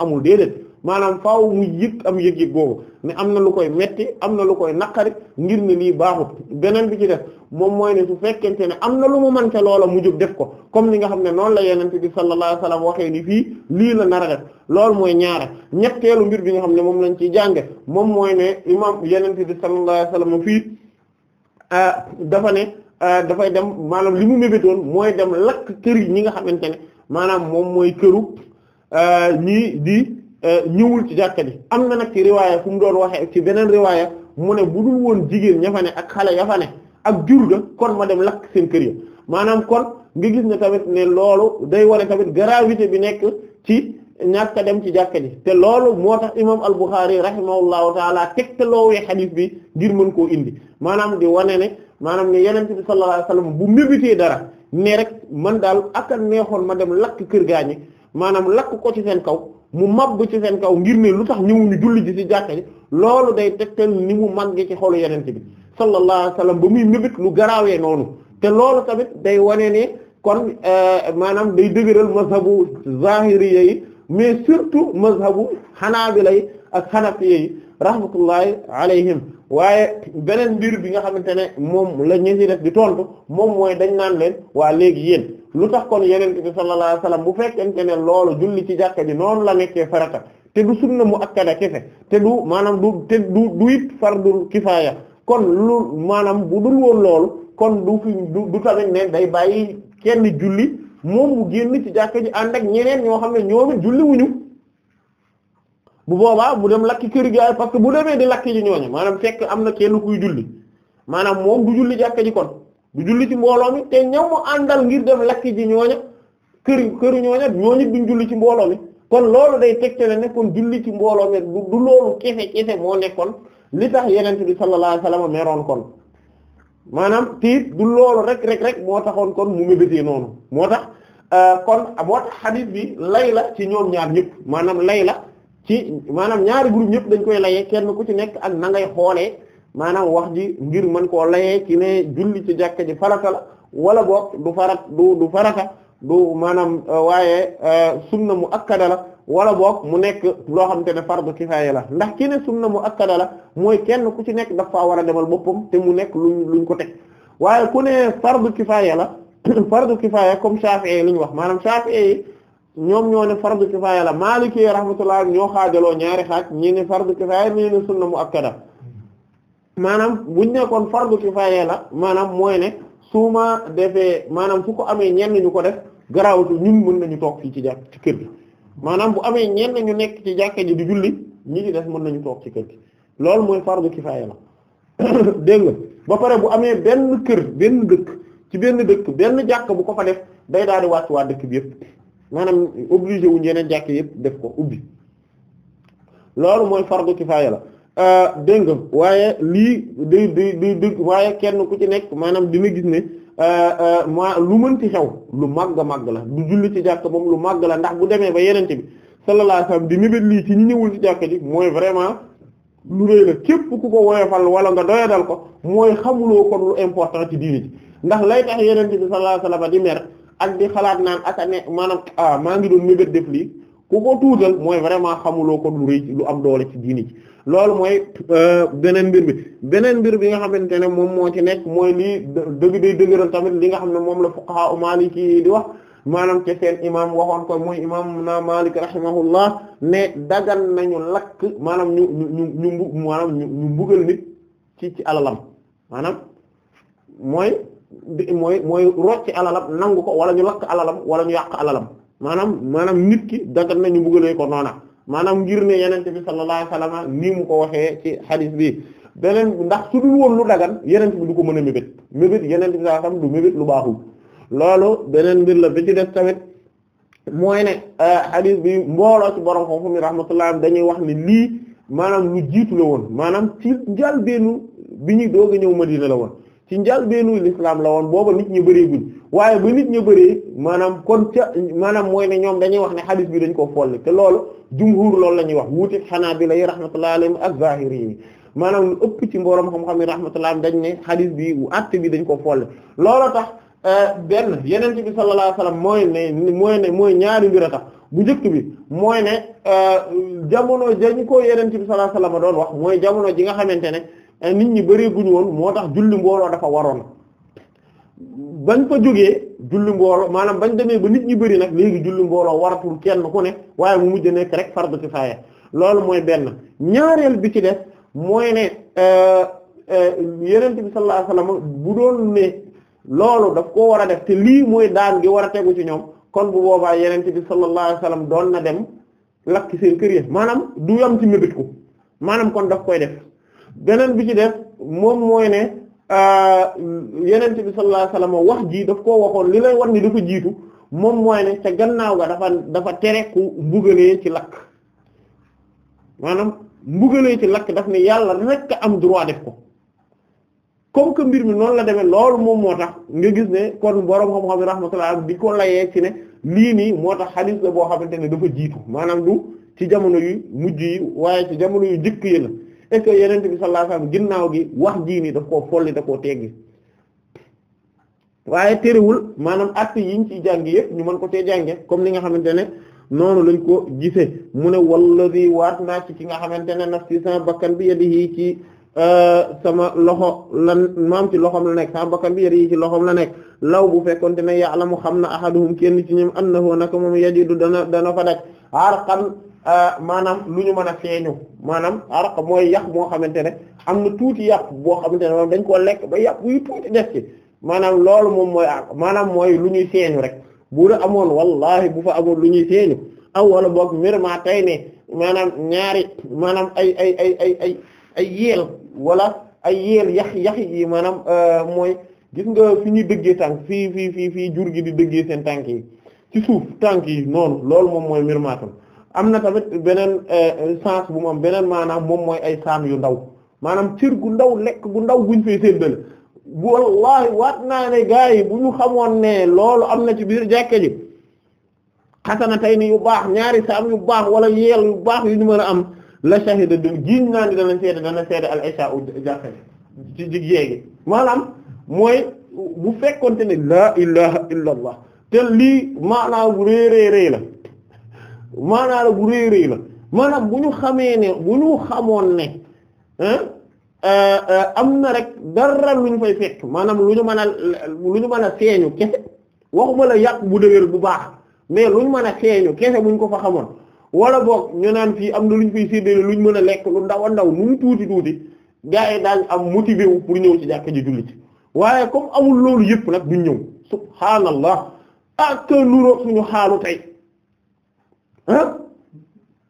amul déedéet maanaam faaw mu yëg am yëg-yëg boobu ne am na lu koy metti am na lu koy naqari ngir ne nii baaxut beneen bi ci def moom mooy ne su fekkente ne am na lu mu mante loola mu jóg def ko comme ni nga xam ne noonu la yenente bi sallallahu alayhi wasallam waxee ni fii lii la nar loolu mooy ñaara ñetteelu mbir bi nga xam ne moom lañ ciy jànge moom mooy ne imam yenente bi sallallahu alayhi wasallam fii ah, dafa ne ah, dafay dem maanaam li mu mébétoon mooy dem lakk kër yi ñi nga xamante ne maanaam moom mooy këru ah, ñii di Euh, ñëwul ci jàkka ji am na nag ci riwaaya fu mu doon waxee ci beneen riwaaya mu ne bu dul woon jigéen ña ne ak xale ya fa ak jur ga kon ma dem lakk seen kër ya maanaam kon nga gis ne tamit ne loolu day wone tamit gravité bi nekk ci ñàkk a dem ci jàkka ji te loolu moo tax imaam al-Bukhari rahimahullahu taala teg te loowee xadiis bi ngir mën koo indi maanaam di wane ne maanaam ne yonent bi sallallahu alayhi wasallam bu mébitee dara ne rek mën daal ak a neexoon ma dem lakk kër gaañi maanaam lakk ko ci kaw. mu màbb ci seen kaw ngir ne lu tax ñëwuñu julli ji ci jàkka loolu day tegtal ni mu man màgge ci xolu yenente bi sallallahu alayhi wasallam ba muy mébét lu garaawee noonu te loolu tamit day wane ne kon euh, maanaam day dëgëral mazhabu zahiriyya yi mais surtout mazhabu hanabila yi ak hanafiya yi rahmatullahi alayhim waaye beneen mbir bi nga xamante ne moom la ñu ci def di tontu moom mooy dañ naan leen waa léegi yéen lu tax kon yeneen bi sallallahu alayhi wasallam bu fekkente ne loolu julli ci jàkka ji noonu la nekkee farata te du na mu akkada kese te du maanaam du te du du it fardul kifaaya kon lu maanaam bu dul woon loolu kon du fi du tamit ne day bàyyi kenn julli moom mu génn ci jàkka ji ànd ak ñeneen ñoo xam ne ñoom julli wuñu bu boobaa mu dem lakki kër gaay parce que bu demee di lakki ji ñooñu maanaam fekk am na kenn kuy julli maanaam moom du julli jàkka ji kon du julli ci mbooloo mi te ñaw mu àndal ngir dem lakki ji ñooña kër këru ñooña ñooñu duñ julli ci mbooloo mi kon loolu day tegtale ne kon julli ci mbooloo mi du loolu kese kese moo nekkoon li tax yenente bi sallallahu alayhi wasallam meroon kon maanaam tiit du loolu rek rek rek moo taxoon kon mu mébétee noonu moo tax euh, kon moo tax xadiis bi lay la ci ñoom ñaar ñëpp maanaam lay la ci maanaam ñaari groupe ñëpp dañ koy layee kenn ku ci nekk ak na ngay xoolee maanaam wax ji ngir mën koo layee ci ne julli ci jàkka ji farata la wala boog du farat du du farata du maanaam euh, waaye euh, sunna mu akkada la wala boog mu nekk loo xamante ne fardu kifaaya la ndax ki ne sunna mu akkada la mooy kenn ku ci nekk dafa war a demal boppam te mu nekk luñ luñ ko teg waaye ku ne fardu kifaaya la (coughs) fardu kifaaya comme Shafi'i li ñu wax maanaam Shafi'i ñoom ñoo ne fardu kifaaya la Maliki rahmatullah ñoo xaajaloo ñaari xaaj ñii ne fardu kifaaya ñii ne sunna muakkada maanaam buñ nekkoon fardu kifaaya la maanaam mooy ne su ma defee maanaam su ko amee ñenn ñu ko def garawatu ñun mën nañu toog fii ci jàkk ci kër gi maanaam bu amee ñenn ñu nekk ci jàkka ji di julli ñi ci def mën nañu toog ci kër gi loolu mooy fardu kifaaya la (coughs) dégg nga ba pare bu amee benn kër benn dëkk ci benn dëkk benn jàkk bu ko fa def day daal di wàcc waa dëkk bi yëpp maanaam obligé wu ñeneen jàkk yëpp def ko ubbi loolu mooy fardu kifaaya la euh, dégg nga waaye lii day di di waaye kenn ku ci nekk maanaam dina gis ne euh, euh, ma lu mënti xew lu màgg màgg la du julli ci jàkk moom lu màgg la ndax bu demee ba yenente bi sallallahu alayhi wasallam di mébét lii ci ñi ñëwul ci jàkk ji mooy vraiment lu rëy la képp ku ko woyofal wala nga doyadal ko mooy xamuloo kon lu important ci diini ji ndax lay tax yenente bi sallallahu alayhi di mer ak di xalaat naan aka ne maanaam ah, maa ngi doon mébét def lii ku ko tuutal mooy vraiment xamuloo ko lu rëy lu am doole ci diini ji loolu mooy euh, beneen mbir bi beneen mbir bi nga xamante ne moom moo ci nekk mooy lii dëgg day dëgëral tamit li nga xam ne moom la fuqaha maliki di wax maanam ci seen imam waxoon ko mooy imam na Malik rahimahullah ne dagan nañu lakk maanaam ñu ñu ñu ñu maanaam mbugal nit ci ci alalam maanaam mooy mooy mooy rocc alalam nangu ko wala ñu lakk alalam wala ñu yàq alalam maanaam maanaam nit ki dagat nañu mbugalee ko noona maanaam ngir ne yenente bi sallallahu alayhi wasallam nii mu ko waxee ci hadith bi beneen ndax su dul woon lu dagan yenente bi du ko mën a mébét mébét yenente bi sallallahu alayhi wasallam du mébét lu baaxul loolu beneen mbir la bi ci def tamit mooy ne euh, hadith bi mbooloo ci borom xoofu mi rahmatullah dañuy wax ni lii maanaam lu jiitu la woon maanaam ci njàlbéenu bi ñuy doog a ñëw Madina la woon ci njalbeenu lislaam la woon booba nit ñi bëree waaye ba nit ñi bëree maanaam kon ca maanaam mooy ne ñoom dañuy wax ne xadis bi dañ koo folli te loolu loolu la ñuy wax wuuti xanaabila yi rahmatullahi alayhim ak zahiri yi maanaam lu ëpp ci mboroom xam-xam yi rahmatullah dañ ne xadis bi àtte bi dañ ko folli loolu tax euh, benn yeneen bi sallallahu alayhi mooy ne mooy ne mooy ñaari mbir a tax bu njëkk bi mooy ne euh, jamono jañ ko yeneen bi sallallahu alayhi wasallam doon wax mooy jamono ji nga xamante ne Eh, nit ñi bëreeguñu woon moo tax julli mbooloo dafa waroon bañ fa jógee julli mbooloo maanaam bañ demee ba nit ñi bëri nag léegi julli mbooloo waratul kenn ku ne waaye mu mujj nekk rek fardu kifaaya loolu mooy benn ñaareel bi ci def mooy ne eh, eh, yonent bi sallallahu alayhi wasallam bu doon ne loolu daf koo war a def te lii mooy daan gi war a tegu ci ñoom kon bu boobaa yonent bi sallallahu alayhi wasallam doon na dem lakk seen kër yi maanaam du yam ci mébét ko maanaam kon daf koy def. beneen bi ci def moom mooy ne euh, yenent bi sallallahu alayhi wasallam wax jii daf koo waxoon li lay wan ni dafa ko jiitu moom mooy ne ca gannaaw ga dafa dafa tere ku mbugalee ci lakk maanaam mbugalee ci lakk daf ne yàlla rekk am droit def ko comme que mbir mi noonu la demee loolu moom moo tax nga gis ne kon borom xam-xam yi rahmatullah di ko layee ci ne lii nii moo tax hadith la boo xamante ne dafa jiitu maanaam du ci jamono yu mujj yi waaye ci jamono yu njëkk yi la et yeneen yenente bi sallallahu alayhi ginnaaw gi wax jii nii daf koo folli da koo teggi waaye terewul maanaam acte yiñ ciy jàng yëpp ñu mën ko cee jànge comme li nga xamante ne noonu lañ ko gisee mu ne wallazi waat naa ci ki nga xamante ne nafsi sama bakkan bi yadihi ci euh, sama loxo lan maam ci loxom la nekk sama bakkan bi yadihi ci loxom la nekk law bu fekkonte ne ya'lamu xam na ahaduhum kenn ci ñoom annahu naka moom yajidu dana dana fa daj arqan Euh, maanaam lu ñu mën a feeñu maanaam araq mooy yàq moo xamante ne am na tuuti yàpp boo xamante ne dañ koo lekk ba yàpp yu maanaam loolu moom mooy araq maanaam mooy lu ñuy feeñu rek bu da amoon wallahi bu fa amoon lu ñuy feeñu aw wala boog tey ne maanaam ñaari maanaam ay ay ay ay ay ay yeel wala ay yeel yax yax yi maanaam euh, mooy gis nga fi ñuy dëggee tànk fii fii fii fii jur gi di dëggee seen tànk yi ci suuf tànk yi noonu loolu moom mooy mirmaatam am na tamit beneen euh, sens bu mu am beneen maanaam moom mooy ay saam yu ndaw maanaam cër gu ndaw lekk gu ndaw guñ fay séddale wallahi waat naa ne gaa yi bu ñu xamoon ne loolu am na ci biir jàkke ji xasana tey ni yu baax ñaari saam yu baax wala yeel yu baax yu ñu mën a am la shahida d giñ naa ni danañ seede dana seede al isha u jàkke ji maanaam mooy bu fekkonte ne laa ilaha illa allah te lii maanaam réeréerée la maanaa la bu réy réy la maanaam bu ñu xamee ne bu ñu xamoon ne euh, euh, am na rek dara lu ñu fay fekk maanaam lu ñu mën a lu ñu mën a feeñu kese waxuma la yàq bu dëgër bu baax mais lu ñu mën a feeñu kese bu ñu ko fa xamoon wala boog ñu naan fii am na lu ñu fay séddale lu ñu mën a lekk lu ndaw a ndaw lu tuuti tuuti gaa yi daal am motivé wu pour ñëw ci jàkka ji julli ci waaye comme amul loolu yëpp nag duñ ñëw subhaanallah ak ah, nuroog suñu xaalu tey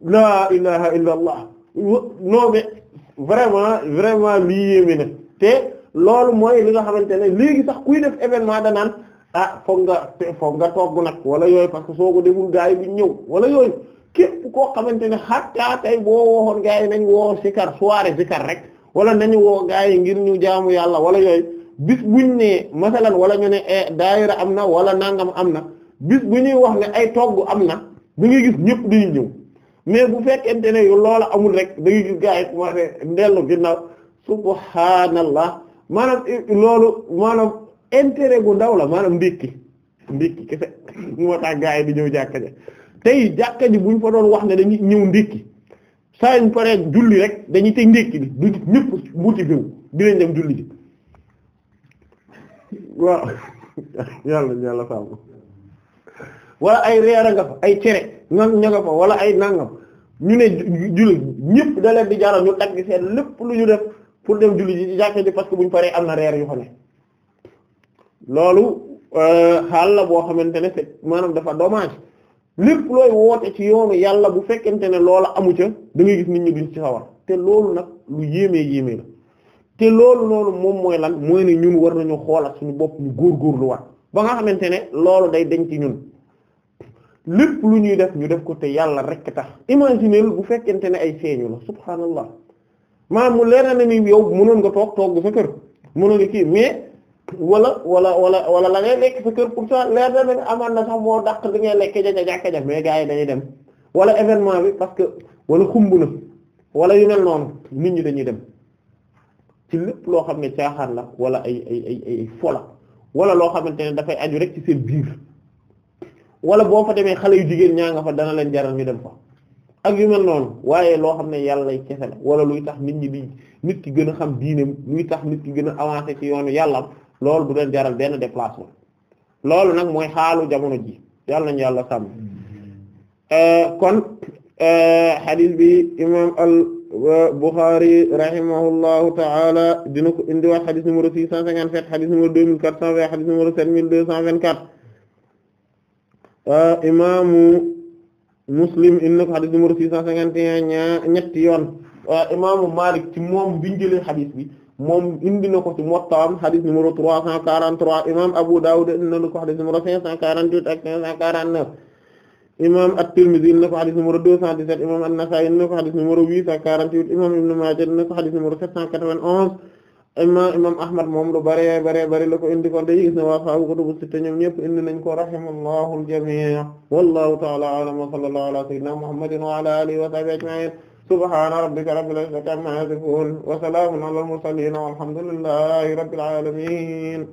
laa ilaha illa allah non vraiment vraiment lii yéeme na te loolu mooy li nga xamante ne léegi sax kuy def événement danaan ah foog nga foog nga togg nag wala yooyu parce que soo ko deful gaa yi ñëw wala yooyu képp koo xamante ne xataa tey boo waxoon gaa yi nañ woo sikar soirée sikar rek wala nañu woo gaa yi ngir ñu jaamu yàlla wala yooyu bis buñ nee masalan wala ñu ne eh, daayira am na wala nangam am na bis bu ñuy wax ne ay togg am na da ngay gis ñëpp dañuy ñëw mais bu fekkente ne loola amul rek da ngay gis gaa yi wax ne ndellu ginnaaw subhaanallah maanaam loolu maanaam intérêt gu ndaw la maanaam ndékki ndékki kese (laughs) moo tax gaa yi di ñëw jàkka ja tey jàkka ji buñ fa doon wax ne dañuy ñëw ndékki saa ñu paree julli rek dañuy teg ndékki bi du ñëpp mbuuti fiw dinañ dem julli ji waaw (laughs) yàlla yàlla wala ay reer a fa ay cere ña nga fa wala ay nangam ñu ne julli ñëpp da leen di jaral ñu dagg seen lépp lu ñu def pour dem julli ji ci jàkka parce que bu ñu am na reer yu fa ne loolu euh, xaal la boo xamante ne maanaam dafa dommage lépp looy woote ci yoonu yàlla bu fekkente ne loola amu ca da gis nit ñi duñ ci sawar te loolu nag lu yéemee yéemee la te loolu loolu moom mooy lan mooy ne ñun war nañu xoolal suñu bopp ñu góorgóorlu waat ba nga xamante ne loolu day denc ci ñun lépp lu ñuy def ñu def ko te yàlla rekk tax imaginer bu fekkente ne ay seeñu la subhaanallah maanaam mu leena na ni yow mënoon nga toog toog sa kër mënoon nga kii wala wala wala wala la ngay lekk sa kër pourtant leer na ne amaan na sax moo dàq li ngay lekk jaja jàkka ja mais yi dañuy dem wala événement bi parce que wala xumb wala yu mel nit ñi dañuy dem ci lépp loo xam ne caaxaan la wala ay ay ay ay fola wala loo xamante ne dafay aju rek ci seen biir wala boo fa demee xale yu jigéen ñaa nga fa dana leen jaral ñu dem fa ak yu mel noonu waaye loo xam ne yàlla kese la wala luy tax nit ñi di nit ki gën a xam diineem luy tax nit ki gën a avancé ci yoonu yàlla loolu du leen jaral benn déplacement loolu nag mooy xaalu jamono ji yàlla nañu yàlla sàmm euh, kon euh, hadith bi imam al euh, Bukhari rahimahullahu ta'ala dina ko indiwaat hadith numéro 657 hadith numéro 2420 hadith numéro 7224 imaamu muslim in na ko xadis numéro six cent cinquante et un ñaa ñetti yoon imaamu Malik ci moom biñ jëlee xadis bi moom indi na ko ci Muwattaam xadis numéro trois cent quarante trois imaam Abu Dawud in na ko cinq cent quarante neuf imaam At-Tirmidhi in na ko deux cent dix sept imaam An-Nasa'i in na huit cent quarante huit imaam Ibn Maaja in na ko xadis cent quatre vingt onze imam imam ahmad moom lu bare bare bare la ko indi kon day gis ne waa saabu kutubu sitta ñoom ñëpp indi nañ ko rahimallahu al-jamii wallahu ta'ala a'lam wa sallallahu ala sayyidina muhammadin wa ala alihi wa sahbihi ajma'in subhana rabbika rabbil izzati amma yasifun wa salamun ala al-mursalin walhamdulillahi rabbil alamin